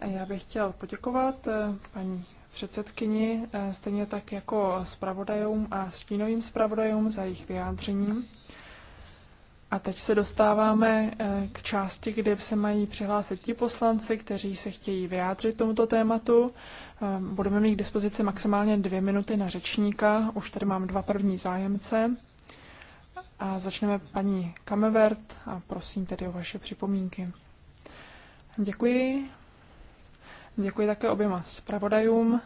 Já bych chtěl poděkovat eh, paní předsedkyni, eh, stejně tak jako zpravodajům a stínovým zpravodajům za jejich vyjádření. A teď se dostáváme eh, k části, kde se mají přihlásit ti poslanci, kteří se chtějí vyjádřit tomuto tématu. Budeme mít k dispozici maximálně dvě minuty na řečníka. Už tady mám dva první zájemce. A začneme paní Kamevert a prosím tedy o vaše připomínky. Děkuji. Děkuji také oběma zpravodajům.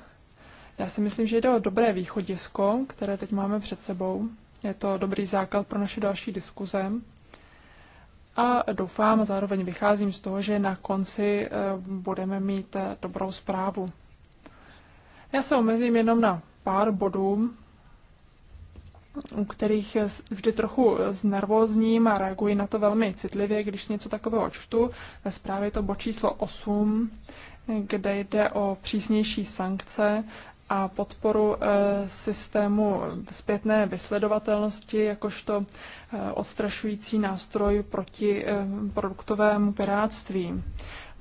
Já si myslím, že jde o dobré východisko, které teď máme před sebou. Je to dobrý základ pro naše další diskuze. A doufám, zároveň vycházím z toho, že na konci eh, budeme mít eh, dobrou zprávu. Já se omezím jenom na pár bodů, u kterých vždy trochu znervózním a reaguji na to velmi citlivě, když něco takového čtu. Ve zprávě je to bod číslo 8, kde jde o přísnější sankce a podporu eh, systému zpětné vysledovatelnosti jakožto eh, odstrašující nástroj proti eh, produktovému piráctví.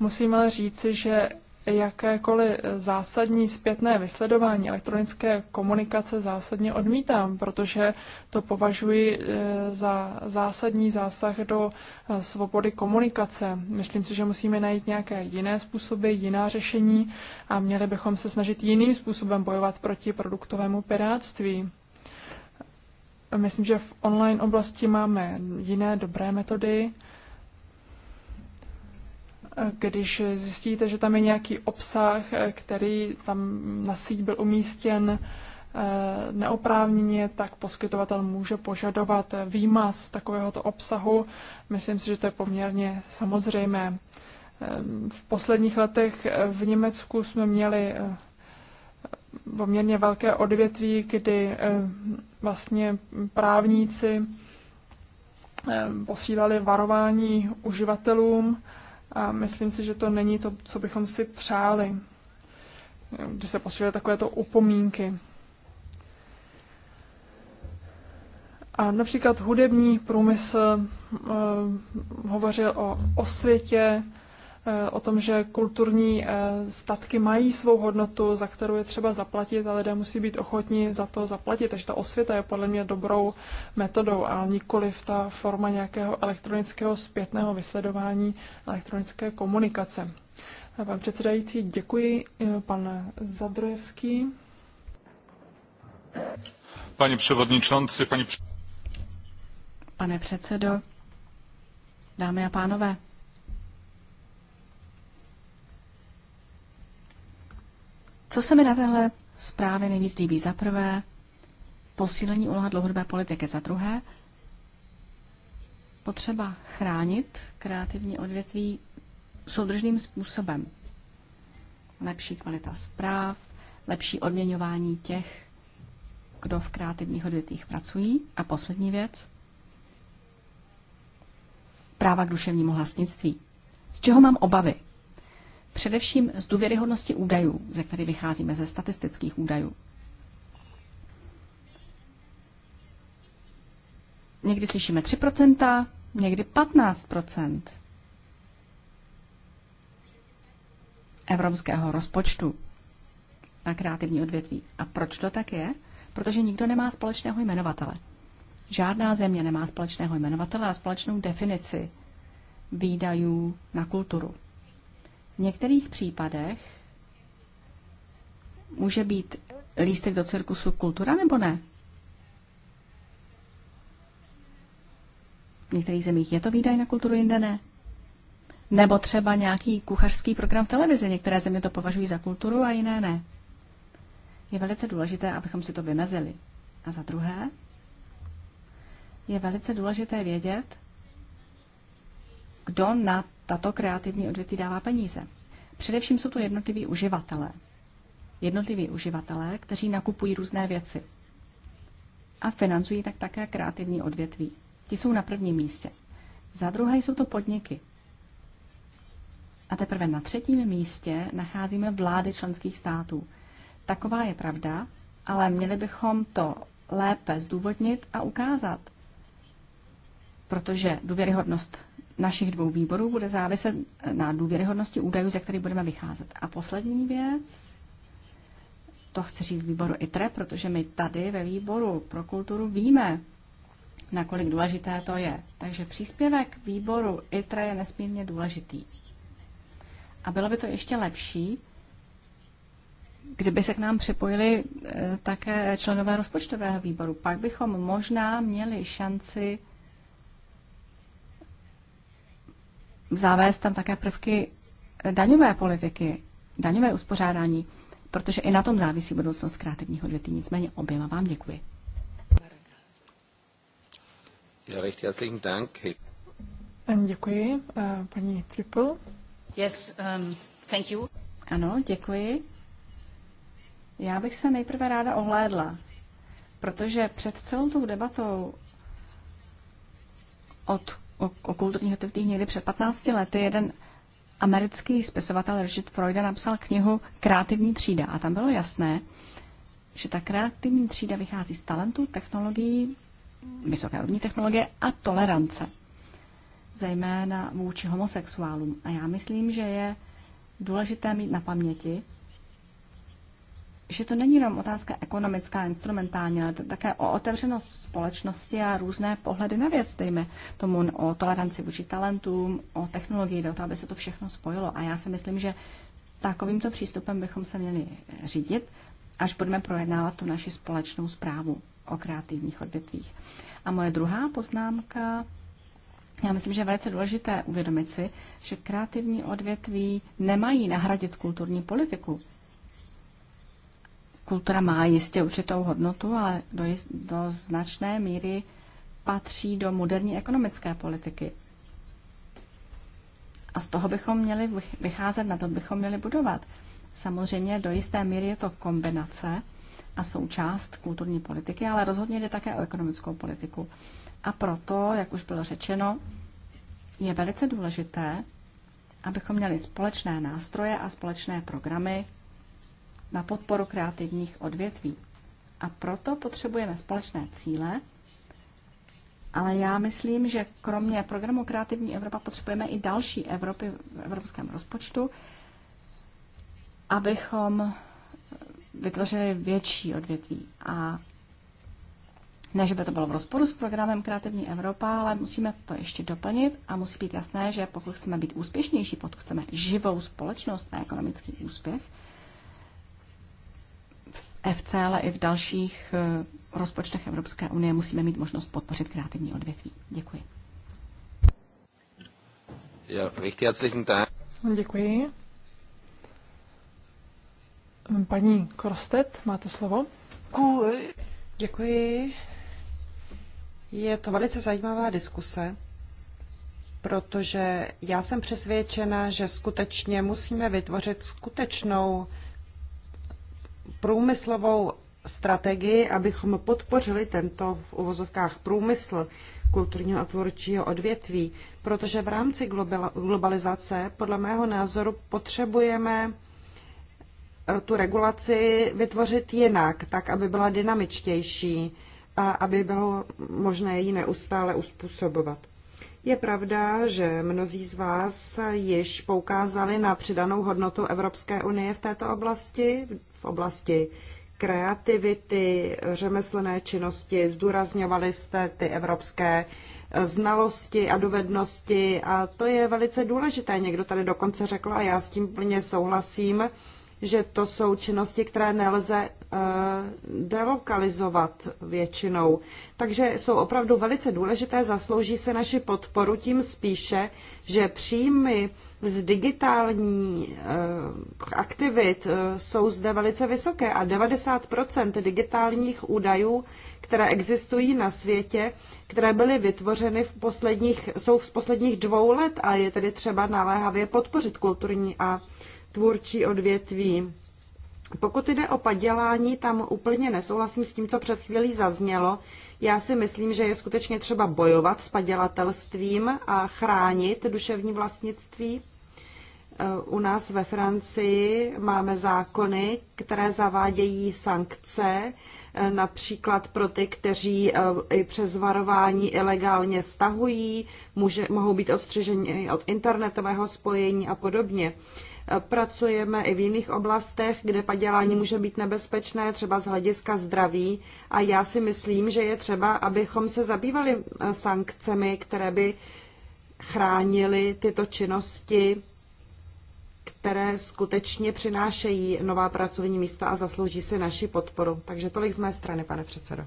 Musím ale říci, že jakékoliv zásadní zpětné vysledování elektronické komunikace zásadně odmítám, protože to považuji eh, za zásadní zásah do eh, svobody komunikace. Myslím si, že musíme najít nějaké jiné způsoby, jiná řešení a měli bychom se snažit jiným způsobem bojovat proti produktovému pirátství. Myslím, že v online oblasti máme jiné dobré metody když zjistíte, že tam je nějaký obsah, který tam na síť byl umístěn eh, neoprávněně, tak poskytovatel může požadovat výmaz takovéhoto obsahu. Myslím si, že to je poměrně samozřejmé. Eh, v posledních letech v Německu jsme měli eh, poměrně velké odvětví, kdy vlastně právníci posílali varování uživatelům, a myslím si, že to není to, co bychom si přáli, když se takové takovéto upomínky. A například hudební průmysl uh, hovořil o osvětě, Eh, o tom, že kulturní eh, statky mají svou hodnotu, za kterou je třeba zaplatit a lidé musí být ochotní za to zaplatit. Takže ta osvěta je podle mě dobrou metodou a nikoli v ta forma nějakého elektronického zpětného vysledování elektronické komunikace. Pan předsedající, děkuji. Eh, pan Zadrojevský. Pane převodničanci, paní... Pane předsedo, dámy a pánové, Co se mi na téhle zprávě nejvíc líbí? Za prvé, posílení úloha dlouhodobé politiky. Za druhé, potřeba chránit kreativní odvětví soudržným způsobem. Lepší kvalita zpráv, lepší odměňování těch, kdo v kreativních odvětvích pracují. A poslední věc, práva k duševnímu vlastnictví. Z čeho mám obavy? Především z důvěryhodnosti údajů, ze kterých vycházíme ze statistických údajů. Někdy slyšíme 3%, někdy 15% evropského rozpočtu na kreativní odvětví. A proč to tak je? Protože nikdo nemá společného jmenovatele. Žádná země nemá společného jmenovatele a společnou definici výdajů na kulturu. V některých případech může být lístek do cirkusu kultura nebo ne? V některých zemích je to výdaj na kulturu, jinde ne. Nebo třeba nějaký kuchařský program v televizi. Některé země to považují za kulturu a jiné ne. Je velice důležité, abychom si to vymezili. A za druhé, je velice důležité vědět, kdo na tato kreativní odvětví dává peníze. Především jsou to jednotliví uživatelé. Jednotliví uživatelé, kteří nakupují různé věci a financují tak také kreativní odvětví. Ti jsou na prvním místě. Za druhé jsou to podniky. A teprve na třetím místě nacházíme vlády členských států. Taková je pravda, ale měli bychom to lépe zdůvodnit a ukázat. Protože důvěryhodnost našich dvou výborů bude záviset na důvěryhodnosti údajů, ze kterých budeme vycházet. A poslední věc, to chci říct výboru ITRE, protože my tady ve výboru pro kulturu víme, nakolik důležité to je. Takže příspěvek výboru ITRE je nesmírně důležitý. A bylo by to ještě lepší, kdyby se k nám připojili eh, také členové rozpočtového výboru. Pak bychom možná měli šanci zavést tam také prvky daňové politiky, daňové uspořádání, protože i na tom závisí budoucnost kreativního odvětví. Nicméně oběma vám děkuji. Ja, recht herzlichen Dank. Děkuji, eh, paní Triple. Yes, um, thank you. Ano, děkuji. Já bych se nejprve ráda ohlédla, protože před celou tou debatou od o, o kulturních aktivitách někdy před 15 lety jeden americký spisovatel Richard Freud napsal knihu Kreativní třída a tam bylo jasné, že ta kreativní třída vychází z talentů, technologií, vysoké úrovní technologie a tolerance, zejména vůči homosexuálům. A já myslím, že je důležité mít na paměti, že to není jenom otázka ekonomická, instrumentální, ale také o otevřenost společnosti a různé pohledy na věc, dejme tomu o toleranci vůči talentům, o technologii, do toho, aby se to všechno spojilo. A já si myslím, že takovýmto přístupem bychom se měli řídit, až budeme projednávat tu naši společnou zprávu o kreativních odvětvích. A moje druhá poznámka, já myslím, že je velice důležité uvědomit si, že kreativní odvětví nemají nahradit kulturní politiku kultura má jistě určitou hodnotu, ale do, jist, do značné míry patří do moderní ekonomické politiky. A z toho bychom měli vycházet, na to bychom měli budovat. Samozřejmě do jisté míry je to kombinace a součást kulturní politiky, ale rozhodně jde také o ekonomickou politiku. A proto, jak už bylo řečeno, je velice důležité, abychom měli společné nástroje a společné programy, na podporu kreativních odvětví. A proto potřebujeme společné cíle, ale já myslím, že kromě programu Kreativní Evropa potřebujeme i další Evropy v evropském rozpočtu, abychom vytvořili větší odvětví. A ne, že by to bylo v rozporu s programem Kreativní Evropa, ale musíme to ještě doplnit a musí být jasné, že pokud chceme být úspěšnější, pokud chceme živou společnost a ekonomický úspěch, FC, ale i v dalších eh, rozpočtech Evropské unie musíme mít možnost podpořit kreativní odvětví. Děkuji. Děkuji. Paní Krostet, máte slovo. Děkuji. Je to velice zajímavá diskuse, protože já jsem přesvědčena, že skutečně musíme vytvořit skutečnou průmyslovou strategii, abychom podpořili tento v uvozovkách průmysl kulturního a tvůrčího odvětví, protože v rámci globalizace podle mého názoru potřebujeme eh, tu regulaci vytvořit jinak, tak, aby byla dynamičtější a aby bylo možné ji neustále uspůsobovat. Je pravda, že mnozí z vás již poukázali na přidanou hodnotu Evropské unie v této oblasti v oblasti kreativity, řemeslné činnosti, zdůrazňovali jste ty evropské znalosti a dovednosti a to je velice důležité. Někdo tady dokonce řekl, a já s tím plně souhlasím, že to jsou činnosti, které nelze eh, delokalizovat většinou. Takže jsou opravdu velice důležité, zaslouží se naši podporu tím spíše, že příjmy z digitální eh, aktivit eh, jsou zde velice vysoké a 90 digitálních údajů, které existují na světě, které byly vytvořeny v posledních, jsou z posledních dvou let a je tedy třeba naléhavě podpořit kulturní a tvůrčí odvětví. Pokud jde o padělání, tam úplně nesouhlasím s tím, co před chvílí zaznělo. Já si myslím, že je skutečně třeba bojovat s padělatelstvím a chránit duševní vlastnictví. Eh, u nás ve Francii máme zákony, které zavádějí sankce, eh, například pro ty, kteří eh, i přes varování ilegálně stahují, může, mohou být odstřiženi od internetového spojení a podobně. Pracujeme i v jiných oblastech, kde padělání může být nebezpečné, třeba z hlediska zdraví. A já si myslím, že je třeba, abychom se zabývali eh, sankcemi, které by chránily tyto činnosti, které skutečně přinášejí nová pracovní místa a zaslouží si naši podporu. Takže tolik z mé strany, pane předsedo.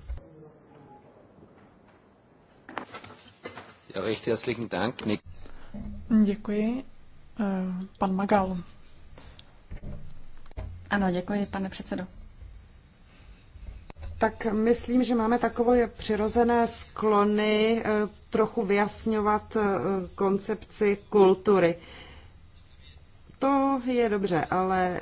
Děkuji. Eh, pan Magal. Ano, děkuji, pane předsedo. Tak myslím, že máme takové přirozené sklony eh, trochu vyjasňovat eh, koncepci kultury. To je dobře, ale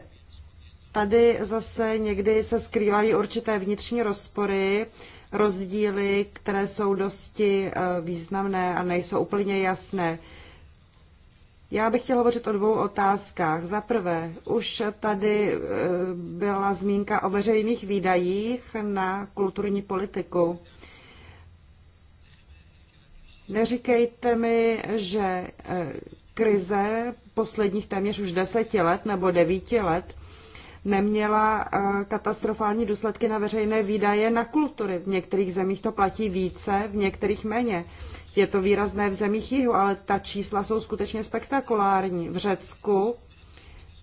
tady zase někdy se skrývají určité vnitřní rozpory, rozdíly, které jsou dosti významné a nejsou úplně jasné. Já bych chtěla hovořit o dvou otázkách. Za prvé, už tady e, byla zmínka o veřejných výdajích na kulturní politiku. Neříkejte mi, že e, krize posledních téměř už deseti let nebo devíti let neměla e, katastrofální důsledky na veřejné výdaje na kultury. V některých zemích to platí více, v některých méně. Je to výrazné v zemích jihu, ale ta čísla jsou skutečně spektakulární. V Řecku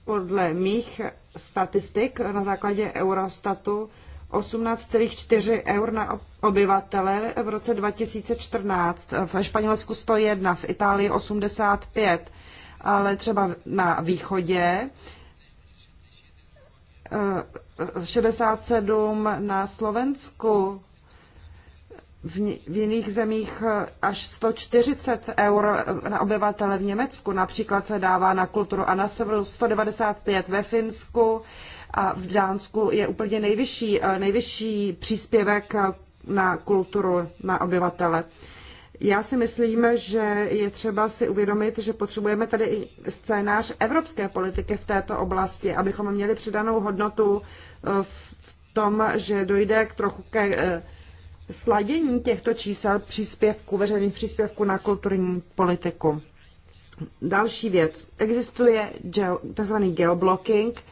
podle mých statistik na základě Eurostatu 18,4 eur na obyvatele v roce 2014, v Španělsku 101, v Itálii 85, ale třeba na východě 67 eh, na Slovensku v, v jiných zemích eh, až 140 eur eh, na obyvatele v Německu. Například se dává na kulturu a na severu 195 ve Finsku a v Dánsku je úplně nejvyšší, eh, nejvyšší příspěvek na kulturu na obyvatele. Já si myslím, že je třeba si uvědomit, že potřebujeme tady i scénář evropské politiky v této oblasti, abychom měli přidanou hodnotu v tom, že dojde k trochu ke sladění těchto čísel příspěvku, veřejných příspěvků na kulturní politiku. Další věc. Existuje tzv. geoblocking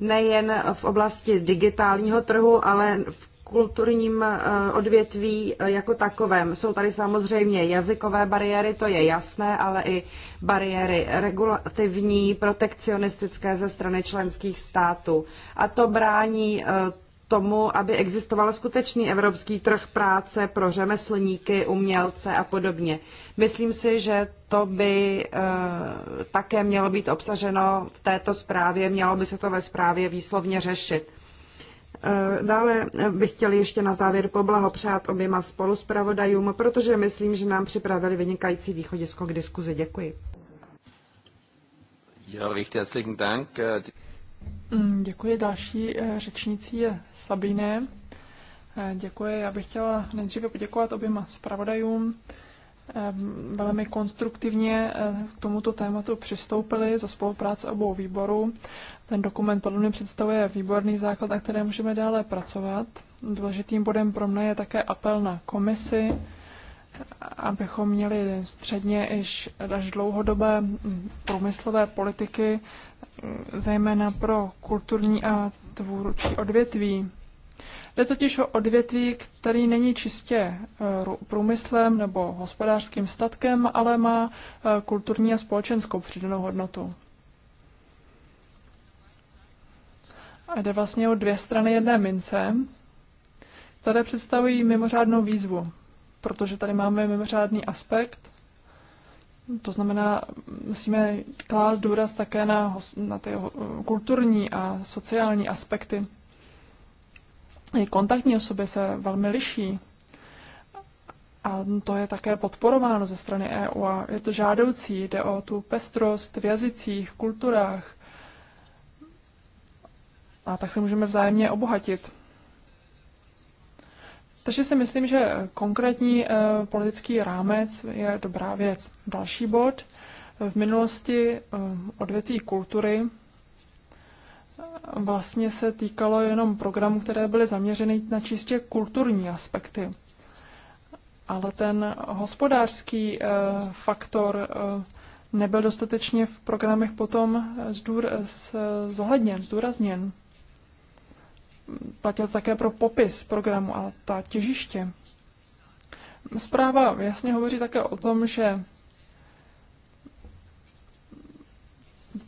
nejen v oblasti digitálního trhu, ale v kulturním eh, odvětví eh, jako takovém. Jsou tady samozřejmě jazykové bariéry, to je jasné, ale i bariéry regulativní, protekcionistické ze strany členských států. A to brání eh, tomu, aby existoval skutečný evropský trh práce pro řemeslníky, umělce a podobně. Myslím si, že to by eh, také mělo být obsaženo v této zprávě, mělo by se to ve zprávě výslovně řešit. Eh, dále bych chtěl ještě na závěr poblahopřát oběma spoluspravodajům, protože myslím, že nám připravili vynikající východisko k diskuzi. Děkuji. Ja, recht herzlichen Dank. Äh, Mm, děkuji. Další eh, řečnící je Sabine. Eh, děkuji. Já bych chtěla nejdříve poděkovat oběma zpravodajům. Ehm, velmi konstruktivně eh, k tomuto tématu přistoupili za spolupráci obou výborů. Ten dokument podle mě představuje výborný základ, na které můžeme dále pracovat. Důležitým bodem pro mne je také apel na komisi, abychom měli středně iž až dlouhodobé hm, průmyslové politiky zejména pro kulturní a tvůrčí odvětví. Jde totiž o odvětví, který není čistě eh, průmyslem nebo hospodářským statkem, ale má eh, kulturní a společenskou přidanou hodnotu. A jde vlastně o dvě strany jedné mince, které představují mimořádnou výzvu, protože tady máme mimořádný aspekt, to znamená, musíme klást důraz také na, na ty kulturní a sociální aspekty. I kontaktní osoby se velmi liší. A to je také podporováno ze strany EU a je to žádoucí. Jde o tu pestrost v jazycích, kulturách. A tak se můžeme vzájemně obohatit. Takže si myslím, že konkrétní eh, politický rámec je dobrá věc. Další bod. V minulosti eh, odvětví kultury eh, vlastně se týkalo jenom programů, které byly zaměřeny na čistě kulturní aspekty. Ale ten hospodářský faktor nebyl dostatečně v programech potom zdůr, zohledněn, zdůrazněn platil také pro popis programu a ta těžiště. Zpráva jasně hovoří také o tom, že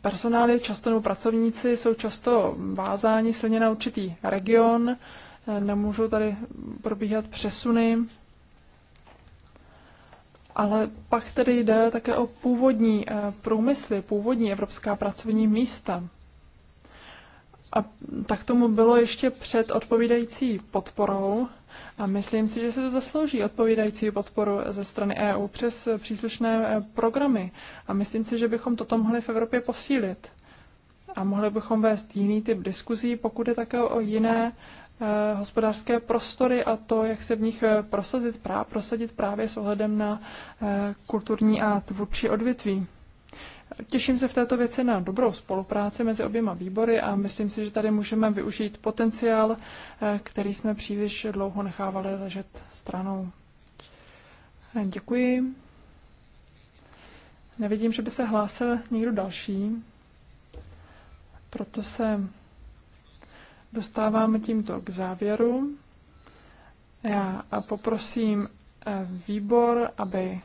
personály často nebo pracovníci jsou často vázáni silně na určitý region, nemůžou tady probíhat přesuny, ale pak tedy jde také o původní eh, průmysly, původní evropská pracovní místa. A tak tomu bylo ještě před odpovídající podporou. A myslím si, že se to zaslouží odpovídající podporu ze strany EU přes příslušné eh, programy. A myslím si, že bychom toto mohli v Evropě posílit. A mohli bychom vést jiný typ diskuzí, pokud je také o jiné eh, hospodářské prostory a to, jak se v nich eh, prosadit, prá, prosadit právě s ohledem na kulturní a tvůrčí odvětví. Těším se v této věci na dobrou spolupráci mezi oběma výbory a myslím si, že tady můžeme využít potenciál, eh, který jsme příliš dlouho nechávali ležet stranou. Eh, děkuji. Nevidím, že by se hlásil někdo další, proto se dostáváme tímto k závěru. Já poprosím eh, výbor, aby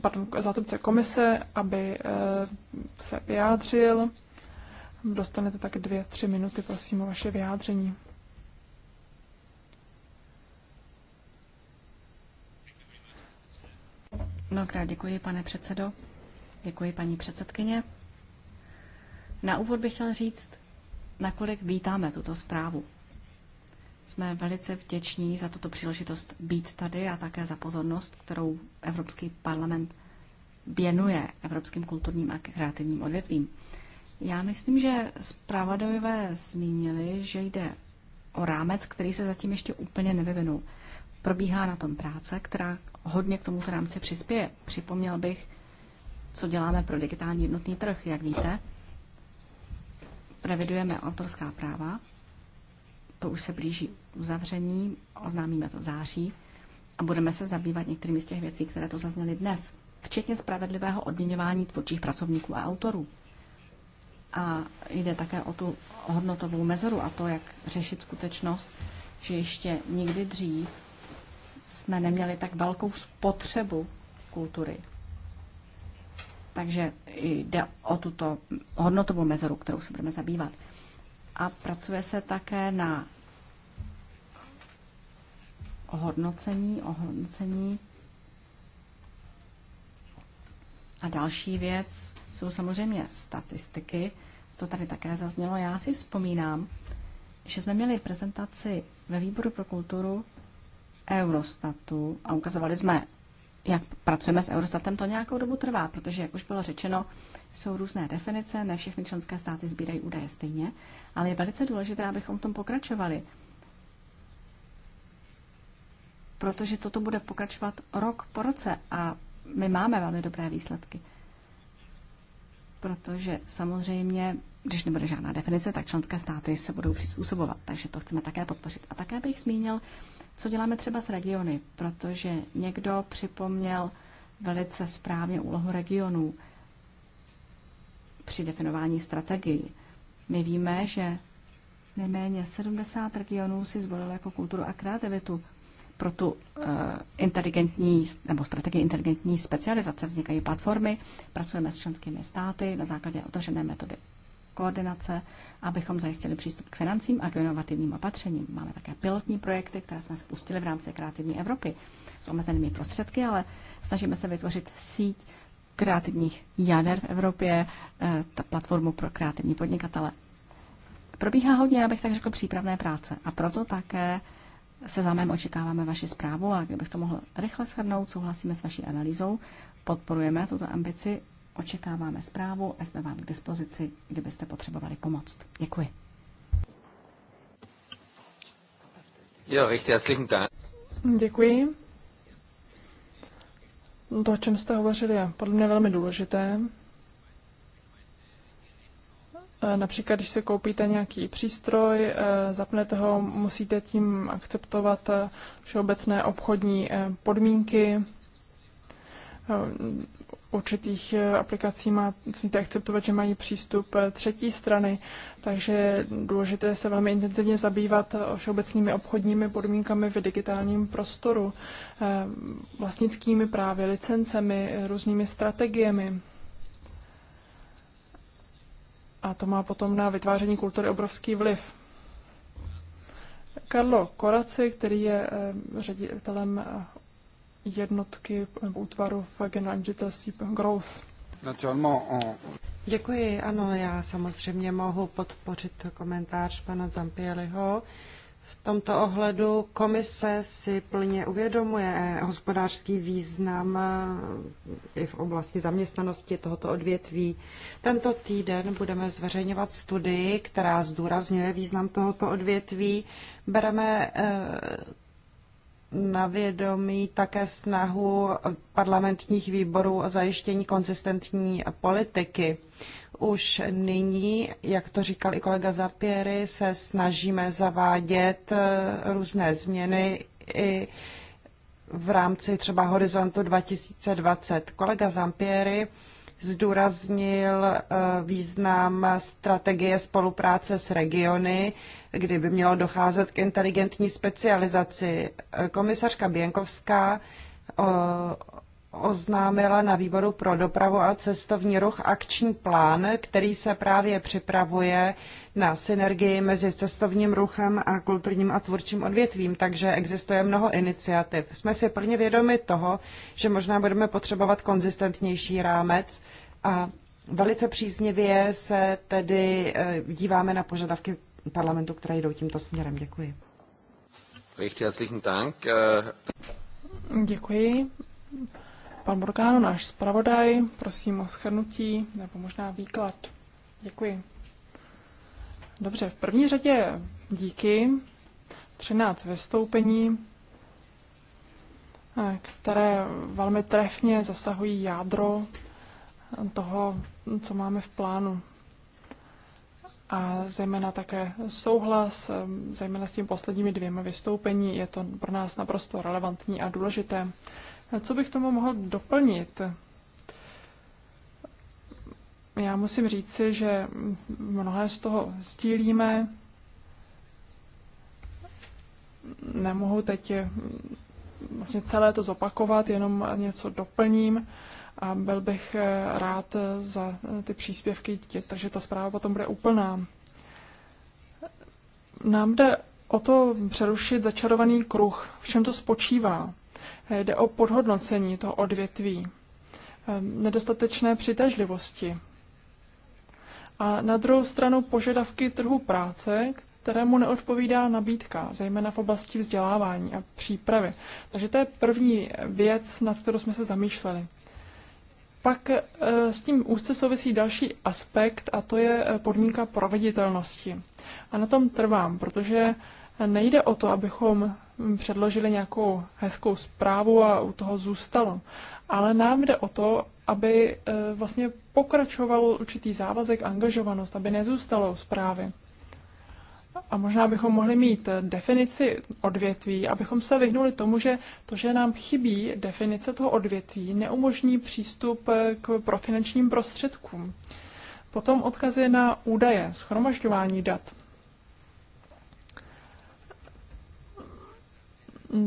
pardon, zástupce komise, aby eh, se vyjádřil. Dostanete tak dvě, tři minuty, prosím, o vaše vyjádření. Mnohokrát děkuji, pane předsedo. Děkuji, paní předsedkyně. Na úvod bych chtěl říct, nakolik vítáme tuto zprávu. Jsme velice vděční za tuto příležitost být tady a také za pozornost, kterou Evropský parlament věnuje evropským kulturním a kreativním odvětvím. Já myslím, že dojové zmínili, že jde o rámec, který se zatím ještě úplně nevyvinul. Probíhá na tom práce, která hodně k tomu rámci přispěje. Připomněl bych, co děláme pro digitální jednotný trh, jak víte. Revidujeme autorská práva to už se blíží uzavření, oznámíme to září a budeme se zabývat některými z těch věcí, které to zazněly dnes, včetně spravedlivého odměňování tvůrčích pracovníků a autorů. A jde také o tu hodnotovou mezeru a to, jak řešit skutečnost, že ještě nikdy dřív jsme neměli tak velkou spotřebu kultury. Takže jde o tuto hodnotovou mezeru, kterou se budeme zabývat a pracuje se také na ohodnocení, ohodnocení. A další věc jsou samozřejmě statistiky. To tady také zaznělo. Já si vzpomínám, že jsme měli prezentaci ve výboru pro kulturu Eurostatu a ukazovali jsme jak pracujeme s Eurostatem, to nějakou dobu trvá, protože, jak už bylo řečeno, jsou různé definice, ne všechny členské státy sbírají údaje stejně, ale je velice důležité, abychom v tom pokračovali. Protože toto bude pokračovat rok po roce a my máme velmi dobré výsledky. Protože samozřejmě, když nebude žádná definice, tak členské státy se budou přizpůsobovat, takže to chceme také podpořit. A také bych zmínil, co děláme třeba s regiony? Protože někdo připomněl velice správně úlohu regionů při definování strategií. My víme, že nejméně 70 regionů si zvolilo jako kulturu a kreativitu. Pro tu uh, inteligentní nebo strategii inteligentní specializace vznikají platformy, pracujeme s členskými státy na základě otevřené metody koordinace, abychom zajistili přístup k financím a k inovativním opatřením. Máme také pilotní projekty, které jsme spustili v rámci Kreativní Evropy s omezenými prostředky, ale snažíme se vytvořit síť kreativních jader v Evropě, eh, ta platformu pro kreativní podnikatele. Probíhá hodně, abych tak řekl, přípravné práce a proto také se za mém očekáváme vaši zprávu a kdybych to mohl rychle shrnout, souhlasíme s vaší analýzou, podporujeme tuto ambici Očekáváme zprávu a jsme vám k dispozici, kdybyste potřebovali pomoc. Děkuji. Jo, Děkuji. To, o čem jste hovořili, je podle mě velmi důležité. E, například, když se koupíte nějaký přístroj, e, zapnete ho, musíte tím akceptovat e, všeobecné obchodní podmínky, Eh, určitých eh, aplikací má, smíte akceptovat, že mají přístup eh, třetí strany, takže je důležité se velmi intenzivně zabývat všeobecnými obchodními podmínkami v digitálním prostoru, vlastnickými právy, licencemi, různými strategiemi. A to má potom na vytváření kultury obrovský vliv. Karlo Koraci, který je ředitelem jednotky nebo útvaru v generálním ředitelství Growth. Děkuji, ano, já samozřejmě mohu podpořit komentář pana Zampieliho. V tomto ohledu komise si plně uvědomuje hospodářský význam eh, i v oblasti zaměstnanosti tohoto odvětví. Tento týden budeme zveřejňovat studii, která zdůrazňuje význam tohoto odvětví. Bereme eh, na vědomí také snahu parlamentních výborů o zajištění konzistentní politiky. Už nyní, jak to říkal i kolega Zapěry, se snažíme zavádět eh, různé změny i v rámci třeba horizontu 2020. Kolega Zampieri zdůraznil eh, význam strategie spolupráce s regiony, kdyby mělo docházet k inteligentní specializaci. Eh, komisařka Běnkovská eh, oznámila na výboru pro dopravu a cestovní ruch akční plán, který se právě připravuje na synergii mezi cestovním ruchem a kulturním a tvůrčím odvětvím, takže existuje mnoho iniciativ. Jsme si plně vědomi toho, že možná budeme potřebovat konzistentnější rámec a velice příznivě se tedy eh, díváme na požadavky parlamentu, které jdou tímto směrem. Děkuji. Äh, Děkuji. Pan Morgano, náš zpravodaj, prosím o schrnutí nebo možná výklad. Děkuji. Dobře, v první řadě díky. 13 vystoupení, eh, které velmi trefně zasahují jádro toho, co máme v plánu. A zejména také souhlas, eh, zejména s tím posledními dvěma vystoupení, je to pro nás naprosto relevantní a důležité. Co bych tomu mohl doplnit? Já musím říci, že mnohé z toho sdílíme. Nemohu teď vlastně celé to zopakovat, jenom něco doplním a byl bych rád za ty příspěvky, takže ta zpráva potom bude úplná. Nám jde o to přerušit začarovaný kruh. V čem to spočívá? Jde o podhodnocení toho odvětví, ehm, nedostatečné přitažlivosti. A na druhou stranu požadavky trhu práce, kterému neodpovídá nabídka, zejména v oblasti vzdělávání a přípravy. Takže to je první věc, nad kterou jsme se zamýšleli. Pak eh, s tím úzce souvisí další aspekt a to je eh, podmínka proveditelnosti. A na tom trvám, protože nejde o to, abychom předložili nějakou hezkou zprávu a u toho zůstalo. Ale nám jde o to, aby e, vlastně pokračoval určitý závazek, angažovanost, aby nezůstalo zprávy. A možná bychom mohli mít definici odvětví, abychom se vyhnuli tomu, že to, že nám chybí definice toho odvětví, neumožní přístup k profinančním prostředkům. Potom odkazy na údaje, schromažďování dat.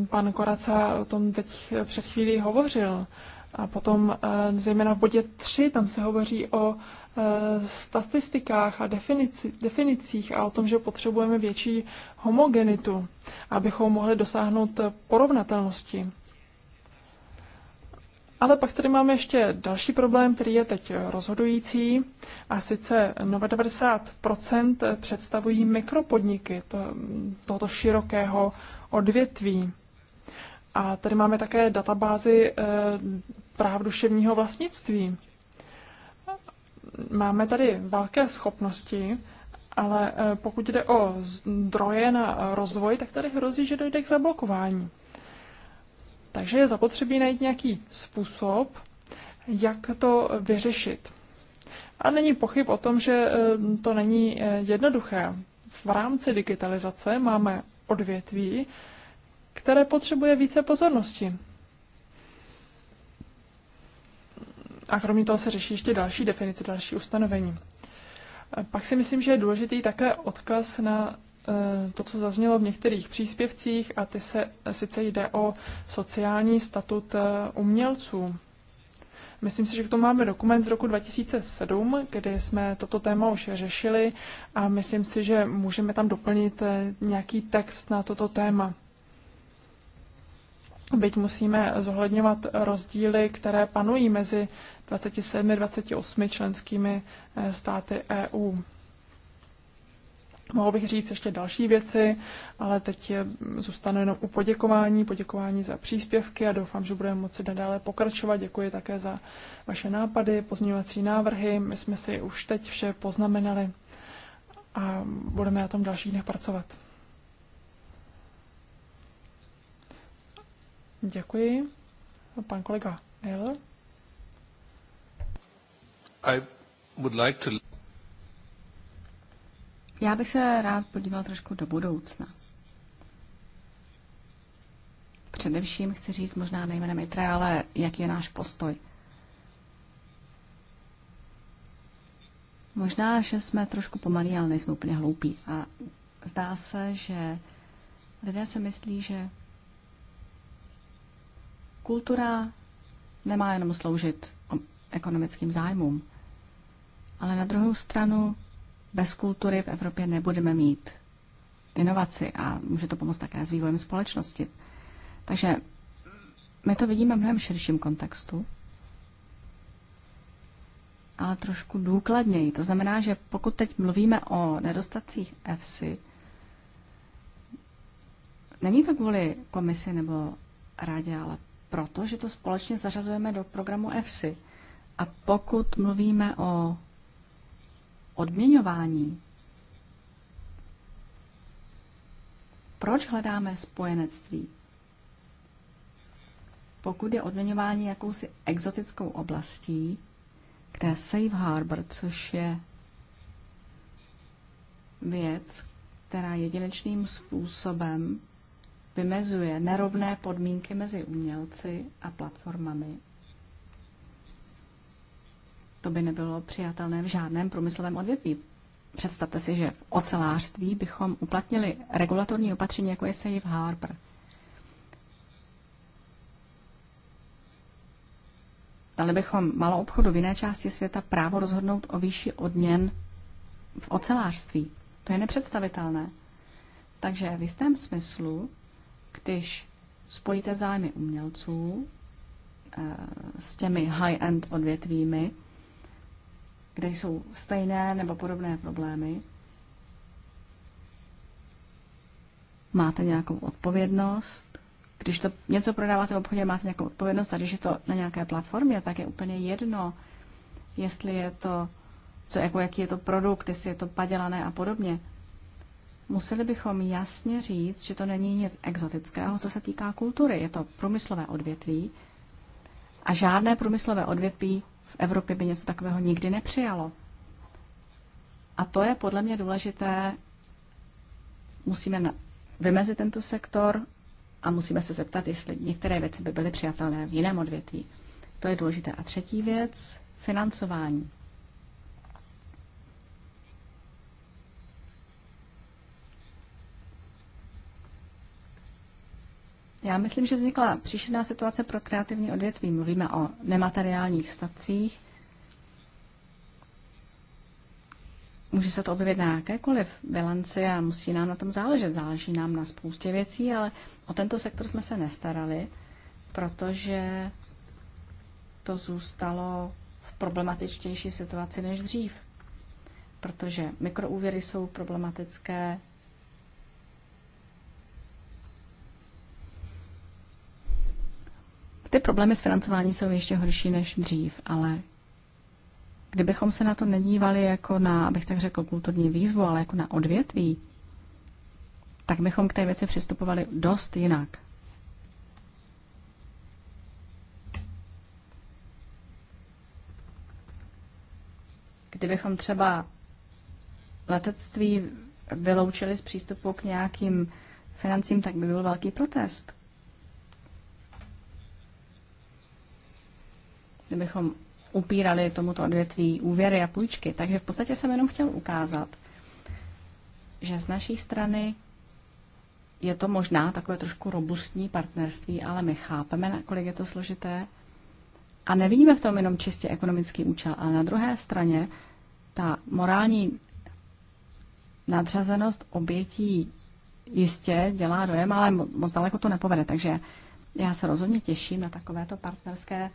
Pan Koraca o tom teď před chvílí hovořil. A potom eh, zejména v bodě 3, tam se hovoří o eh, statistikách a definici, definicích a o tom, že potřebujeme větší homogenitu, abychom mohli dosáhnout porovnatelnosti. Ale pak tady máme ještě další problém, který je teď rozhodující, a sice 90 představují mikropodniky to, tohoto širokého odvětví. A tady máme také databázi eh, práv duševního vlastnictví. Máme tady velké schopnosti, ale eh, pokud jde o zdroje na rozvoj, tak tady hrozí, že dojde k zablokování. Takže je zapotřebí najít nějaký způsob, jak to vyřešit. A není pochyb o tom, že eh, to není jednoduché. V rámci digitalizace máme odvětví, které potřebuje více pozornosti. A kromě toho se řeší ještě další definice, další ustanovení. Pak si myslím, že je důležitý také odkaz na eh, to, co zaznělo v některých příspěvcích, a ty se sice jde o sociální statut eh, umělců. Myslím si, že k tomu máme dokument z roku 2007, kdy jsme toto téma už řešili a myslím si, že můžeme tam doplnit eh, nějaký text na toto téma. Byť musíme zohledňovat rozdíly, které panují mezi 27 a 28 členskými eh, státy EU. Mohl bych říct ještě další věci, ale teď je, zůstanu jenom u poděkování, poděkování za příspěvky a doufám, že budeme moci nadále pokračovat. Děkuji také za vaše nápady, pozměňovací návrhy. My jsme si už teď vše poznamenali a budeme na tom dalších dnech pracovat. Děkuji. Pan kolega Eller. I would like to... Já bych se rád podíval trošku do budoucna. Především chci říct možná nejméně Itre, ale jaký je náš postoj. Možná, že jsme trošku pomalí, ale nejsme úplně hloupí. A zdá se, že lidé se myslí, že kultura nemá jenom sloužit ekonomickým zájmům, ale na druhou stranu bez kultury v Evropě nebudeme mít inovaci a může to pomoct také s vývojem společnosti. Takže my to vidíme v mnohem širším kontextu, ale trošku důkladněji. To znamená, že pokud teď mluvíme o nedostacích EFSI, není to kvůli komisi nebo rádě, ale proto, že to společně zařazujeme do programu EFSI. A pokud mluvíme o odměňování. Proč hledáme spojenectví? Pokud je odměňování jakousi exotickou oblastí, kde Safe Harbor, což je věc, která jedinečným způsobem vymezuje nerovné podmínky mezi umělci a platformami to by nebylo přijatelné v žádném průmyslovém odvětví. Představte si, že v ocelářství bychom uplatnili regulatorní opatření, jako je Safe Harbor. Dali bychom malou obchodu v jiné části světa právo rozhodnout o výši odměn v ocelářství. To je nepředstavitelné. Takže v jistém smyslu, když spojíte zájmy umělců e, s těmi high-end odvětvími, kde jsou stejné nebo podobné problémy, máte nějakou odpovědnost. Když to něco prodáváte v obchodě, máte nějakou odpovědnost a když je to na nějaké platformě, tak je úplně jedno, jestli je to, co, jako jaký je to produkt, jestli je to padělané a podobně. Museli bychom jasně říct, že to není nic exotického, co se týká kultury. Je to průmyslové odvětví a žádné průmyslové odvětví v Evropě by něco takového nikdy nepřijalo. A to je podle mě důležité. Musíme vymezit tento sektor a musíme se zeptat, jestli některé věci by byly přijatelné v jiném odvětví. To je důležité. A třetí věc, financování. Já myslím, že vznikla příšerná situace pro kreativní odvětví. Mluvíme o nemateriálních stacích. Může se to objevit na jakékoliv bilanci a musí nám na tom záležet. Záleží nám na spoustě věcí, ale o tento sektor jsme se nestarali, protože to zůstalo v problematičtější situaci než dřív. Protože mikroúvěry jsou problematické, Ty problémy s financováním jsou ještě horší než dřív, ale kdybychom se na to nedívali jako na, abych tak řekl, kulturní výzvu, ale jako na odvětví, tak bychom k té věci přistupovali dost jinak. Kdybychom třeba letectví vyloučili z přístupu k nějakým financím, tak by byl velký protest. kdybychom upírali tomuto odvětví úvěry a půjčky. Takže v podstatě jsem jenom chtěl ukázat, že z naší strany je to možná takové trošku robustní partnerství, ale my chápeme, kolik je to složité a nevidíme v tom jenom čistě ekonomický účel. Ale na druhé straně ta morální nadřazenost obětí jistě dělá dojem, ale moc daleko to nepovede. Takže já se rozhodně těším na takovéto partnerské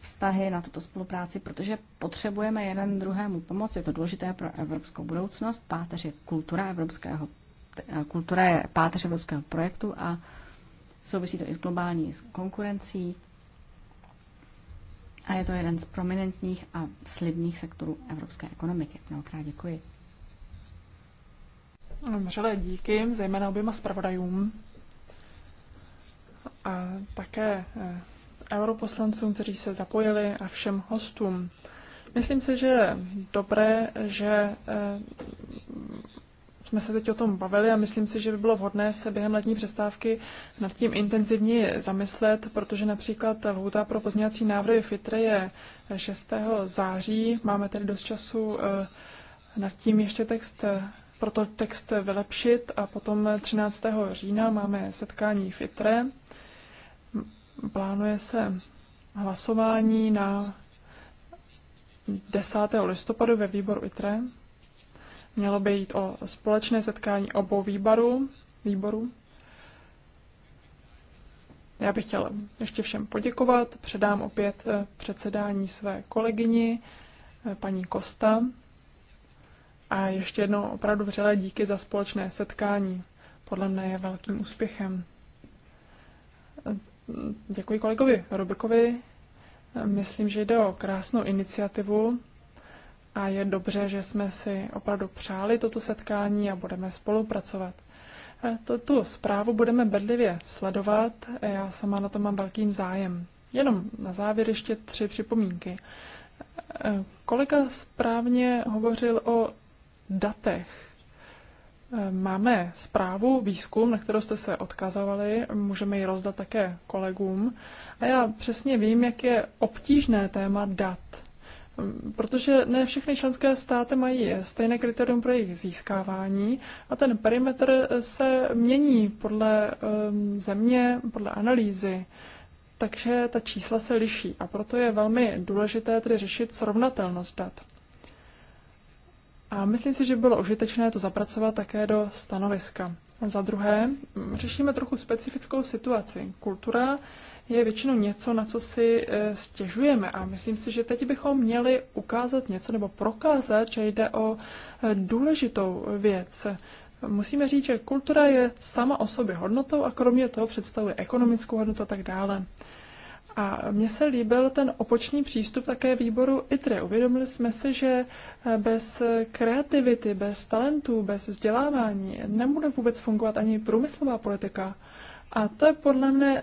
vztahy, na tuto spolupráci, protože potřebujeme jeden druhému pomoc. Je to důležité pro evropskou budoucnost. Páteř je kultura evropského, eh, kultura je páteř evropského projektu a souvisí to i s globální konkurencí. A je to jeden z prominentních a slibných sektorů evropské ekonomiky. Mnohokrát děkuji. Mřele díky, zejména oběma zpravodajům a také eh, europoslancům, kteří se zapojili a všem hostům. Myslím si, že je dobré, že eh, jsme se teď o tom bavili a myslím si, že by bylo vhodné se během letní přestávky nad tím intenzivně zamyslet, protože například lhůta pro pozměňovací návrhy FITRE je 6. září. Máme tedy dost času eh, nad tím ještě text eh, proto text vylepšit a potom 13. října máme setkání FITRE Plánuje se hlasování na 10. listopadu ve výboru ITRE. Mělo by jít o společné setkání obou výborů. výboru. Já bych chtěla ještě všem poděkovat. Předám opět eh, předsedání své kolegyni, eh, paní Kosta. A ještě jednou opravdu vřele díky za společné setkání. Podle mne je velkým úspěchem děkuji kolegovi Robikovi. Myslím, že jde o krásnou iniciativu a je dobře, že jsme si opravdu přáli toto setkání a budeme spolupracovat. E, tu zprávu budeme bedlivě sledovat, e, já sama na to mám velký zájem. Jenom na závěr ještě tři připomínky. E, kolega správně hovořil o datech. Máme zprávu, výzkum, na kterou jste se odkazovali, můžeme ji rozdat také kolegům. A já přesně vím, jak je obtížné téma dat. Mm, protože ne všechny členské státy mají stejné kritérium pro jejich získávání a ten perimetr se mění podle ehm, země, podle analýzy. Takže ta čísla se liší a proto je velmi důležité tedy řešit srovnatelnost dat. A myslím si, že bylo užitečné to zapracovat také do stanoviska. Za druhé, mm, řešíme trochu specifickou situaci. Kultura je většinou něco, na co si e, stěžujeme a myslím si, že teď bychom měli ukázat něco nebo prokázat, že jde o e, důležitou věc. Musíme říct, že kultura je sama o sobě hodnotou a kromě toho představuje ekonomickou hodnotu a tak dále. A mně se líbil ten opočný přístup také výboru ITRE. Uvědomili jsme si, že eh, bez kreativity, bez talentů, bez vzdělávání nebude vůbec fungovat ani průmyslová politika. A to je podle mne eh,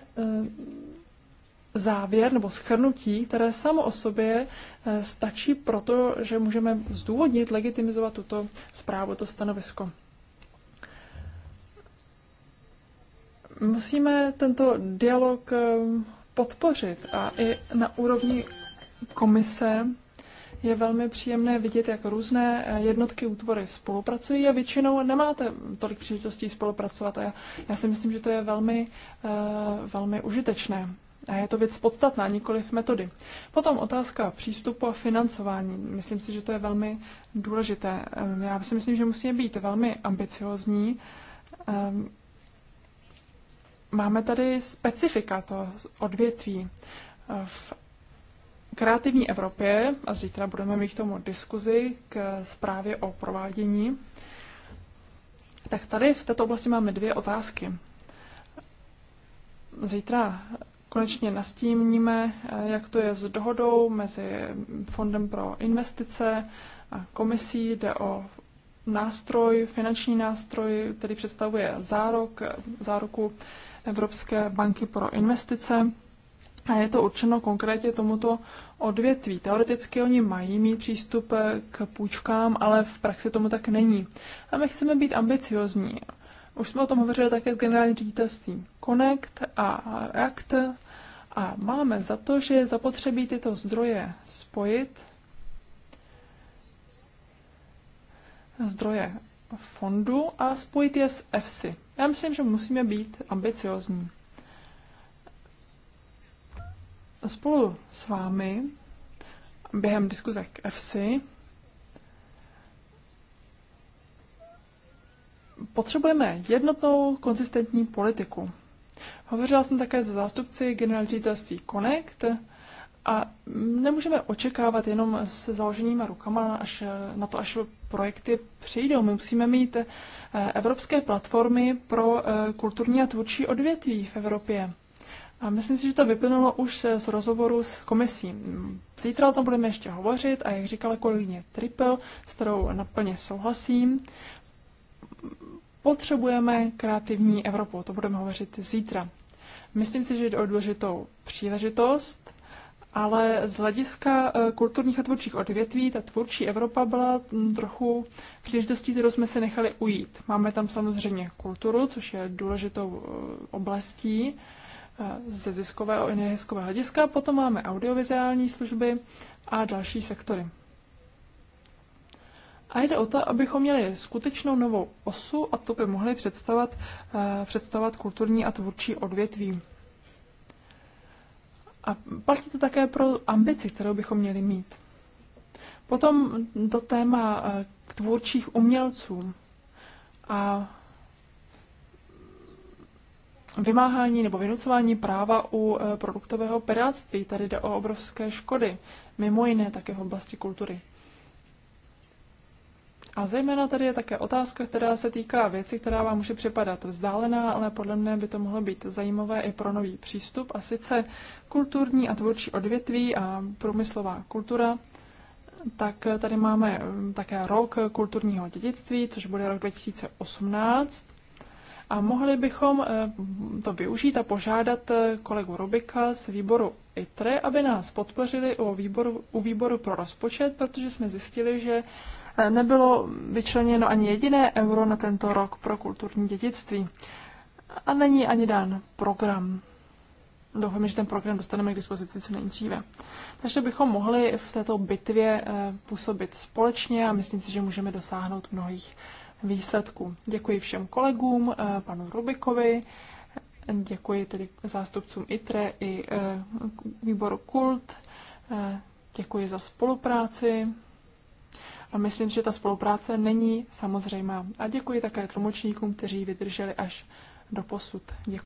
závěr nebo schrnutí, které samo o sobě eh, stačí proto, že můžeme zdůvodnit, legitimizovat tuto zprávu, to stanovisko. Musíme tento dialog podpořit. A i na úrovni komise je velmi příjemné vidět, jak různé jednotky útvory spolupracují a většinou nemáte tolik příležitostí spolupracovat. A já, já si myslím, že to je velmi, eh, velmi užitečné. A je to věc podstatná, nikoli v metody. Potom otázka přístupu a financování. Myslím si, že to je velmi důležité. Ehm, já si myslím, že musíme být velmi ambiciozní. Ehm, Máme tady specifika to odvětví. V kreativní Evropě, a zítra budeme mít k tomu diskuzi k zprávě o provádění, tak tady v této oblasti máme dvě otázky. Zítra konečně nastíníme, jak to je s dohodou mezi Fondem pro investice a komisí. Jde o nástroj, finanční nástroj, který představuje zárok, záruku Evropské banky pro investice a je to určeno konkrétně tomuto odvětví. Teoreticky oni mají mít přístup eh, k půjčkám, ale v praxi tomu tak není. A my chceme být ambiciozní. Už jsme o tom hovořili také s generálním ředitelstvím Connect a Act a máme za to, že je zapotřebí tyto zdroje spojit, zdroje fondu a spojit je s EFSI. Já myslím, že musíme být ambiciozní. Spolu s vámi během diskuze k FC potřebujeme jednotnou konzistentní politiku. Hovořila jsem také se zástupci generální ředitelství Connect, a nemůžeme očekávat jenom se založenýma rukama až eh, na to, až projekty přijdou. My musíme mít eh, evropské platformy pro eh, kulturní a tvůrčí odvětví v Evropě. A myslím si, že to vyplynulo už z rozhovoru s komisí. Zítra o tom budeme ještě hovořit a jak říkala kolegyně Triple, s kterou naplně souhlasím, potřebujeme kreativní Evropu. To budeme hovořit zítra. Myslím si, že je o důležitou příležitost ale z hlediska e, kulturních a tvůrčích odvětví, ta tvůrčí Evropa byla mm, trochu příležitostí, kterou jsme si nechali ujít. Máme tam samozřejmě kulturu, což je důležitou e, oblastí e, ze ziskového i neziskového hlediska, potom máme audiovizuální služby a další sektory. A jde o to, abychom měli skutečnou novou osu a to by mohly představovat, představovat kulturní a tvůrčí odvětví. A platí to také pro ambici, kterou bychom měli mít. Potom do téma eh, k tvůrčích umělcům a vymáhání nebo vynucování práva u eh, produktového piráctví. Tady jde o obrovské škody, mimo jiné také v oblasti kultury. A zejména tady je také otázka, která se týká věci, která vám může připadat vzdálená, ale podle mne by to mohlo být zajímavé i pro nový přístup, a sice kulturní a tvůrčí odvětví a průmyslová kultura. Tak tady máme mm, také rok kulturního dědictví, což bude rok 2018. A mohli bychom eh, to využít a požádat eh, kolegu Rubika z výboru ITRE, aby nás podpořili u výboru, u výboru pro rozpočet, protože jsme zjistili, že nebylo vyčleněno ani jediné euro na tento rok pro kulturní dědictví. A není ani dán program. Doufám, že ten program dostaneme k dispozici co nejdříve. Takže bychom mohli v této bitvě eh, působit společně a myslím si, že můžeme dosáhnout mnohých výsledků. Děkuji všem kolegům, eh, panu Rubikovi, děkuji tedy zástupcům ITRE i eh, výboru KULT, děkuji za spolupráci. A myslím, že ta spolupráce není samozřejmá. A děkuji také tlumočníkům, kteří vydrželi až do posud. Děkuji.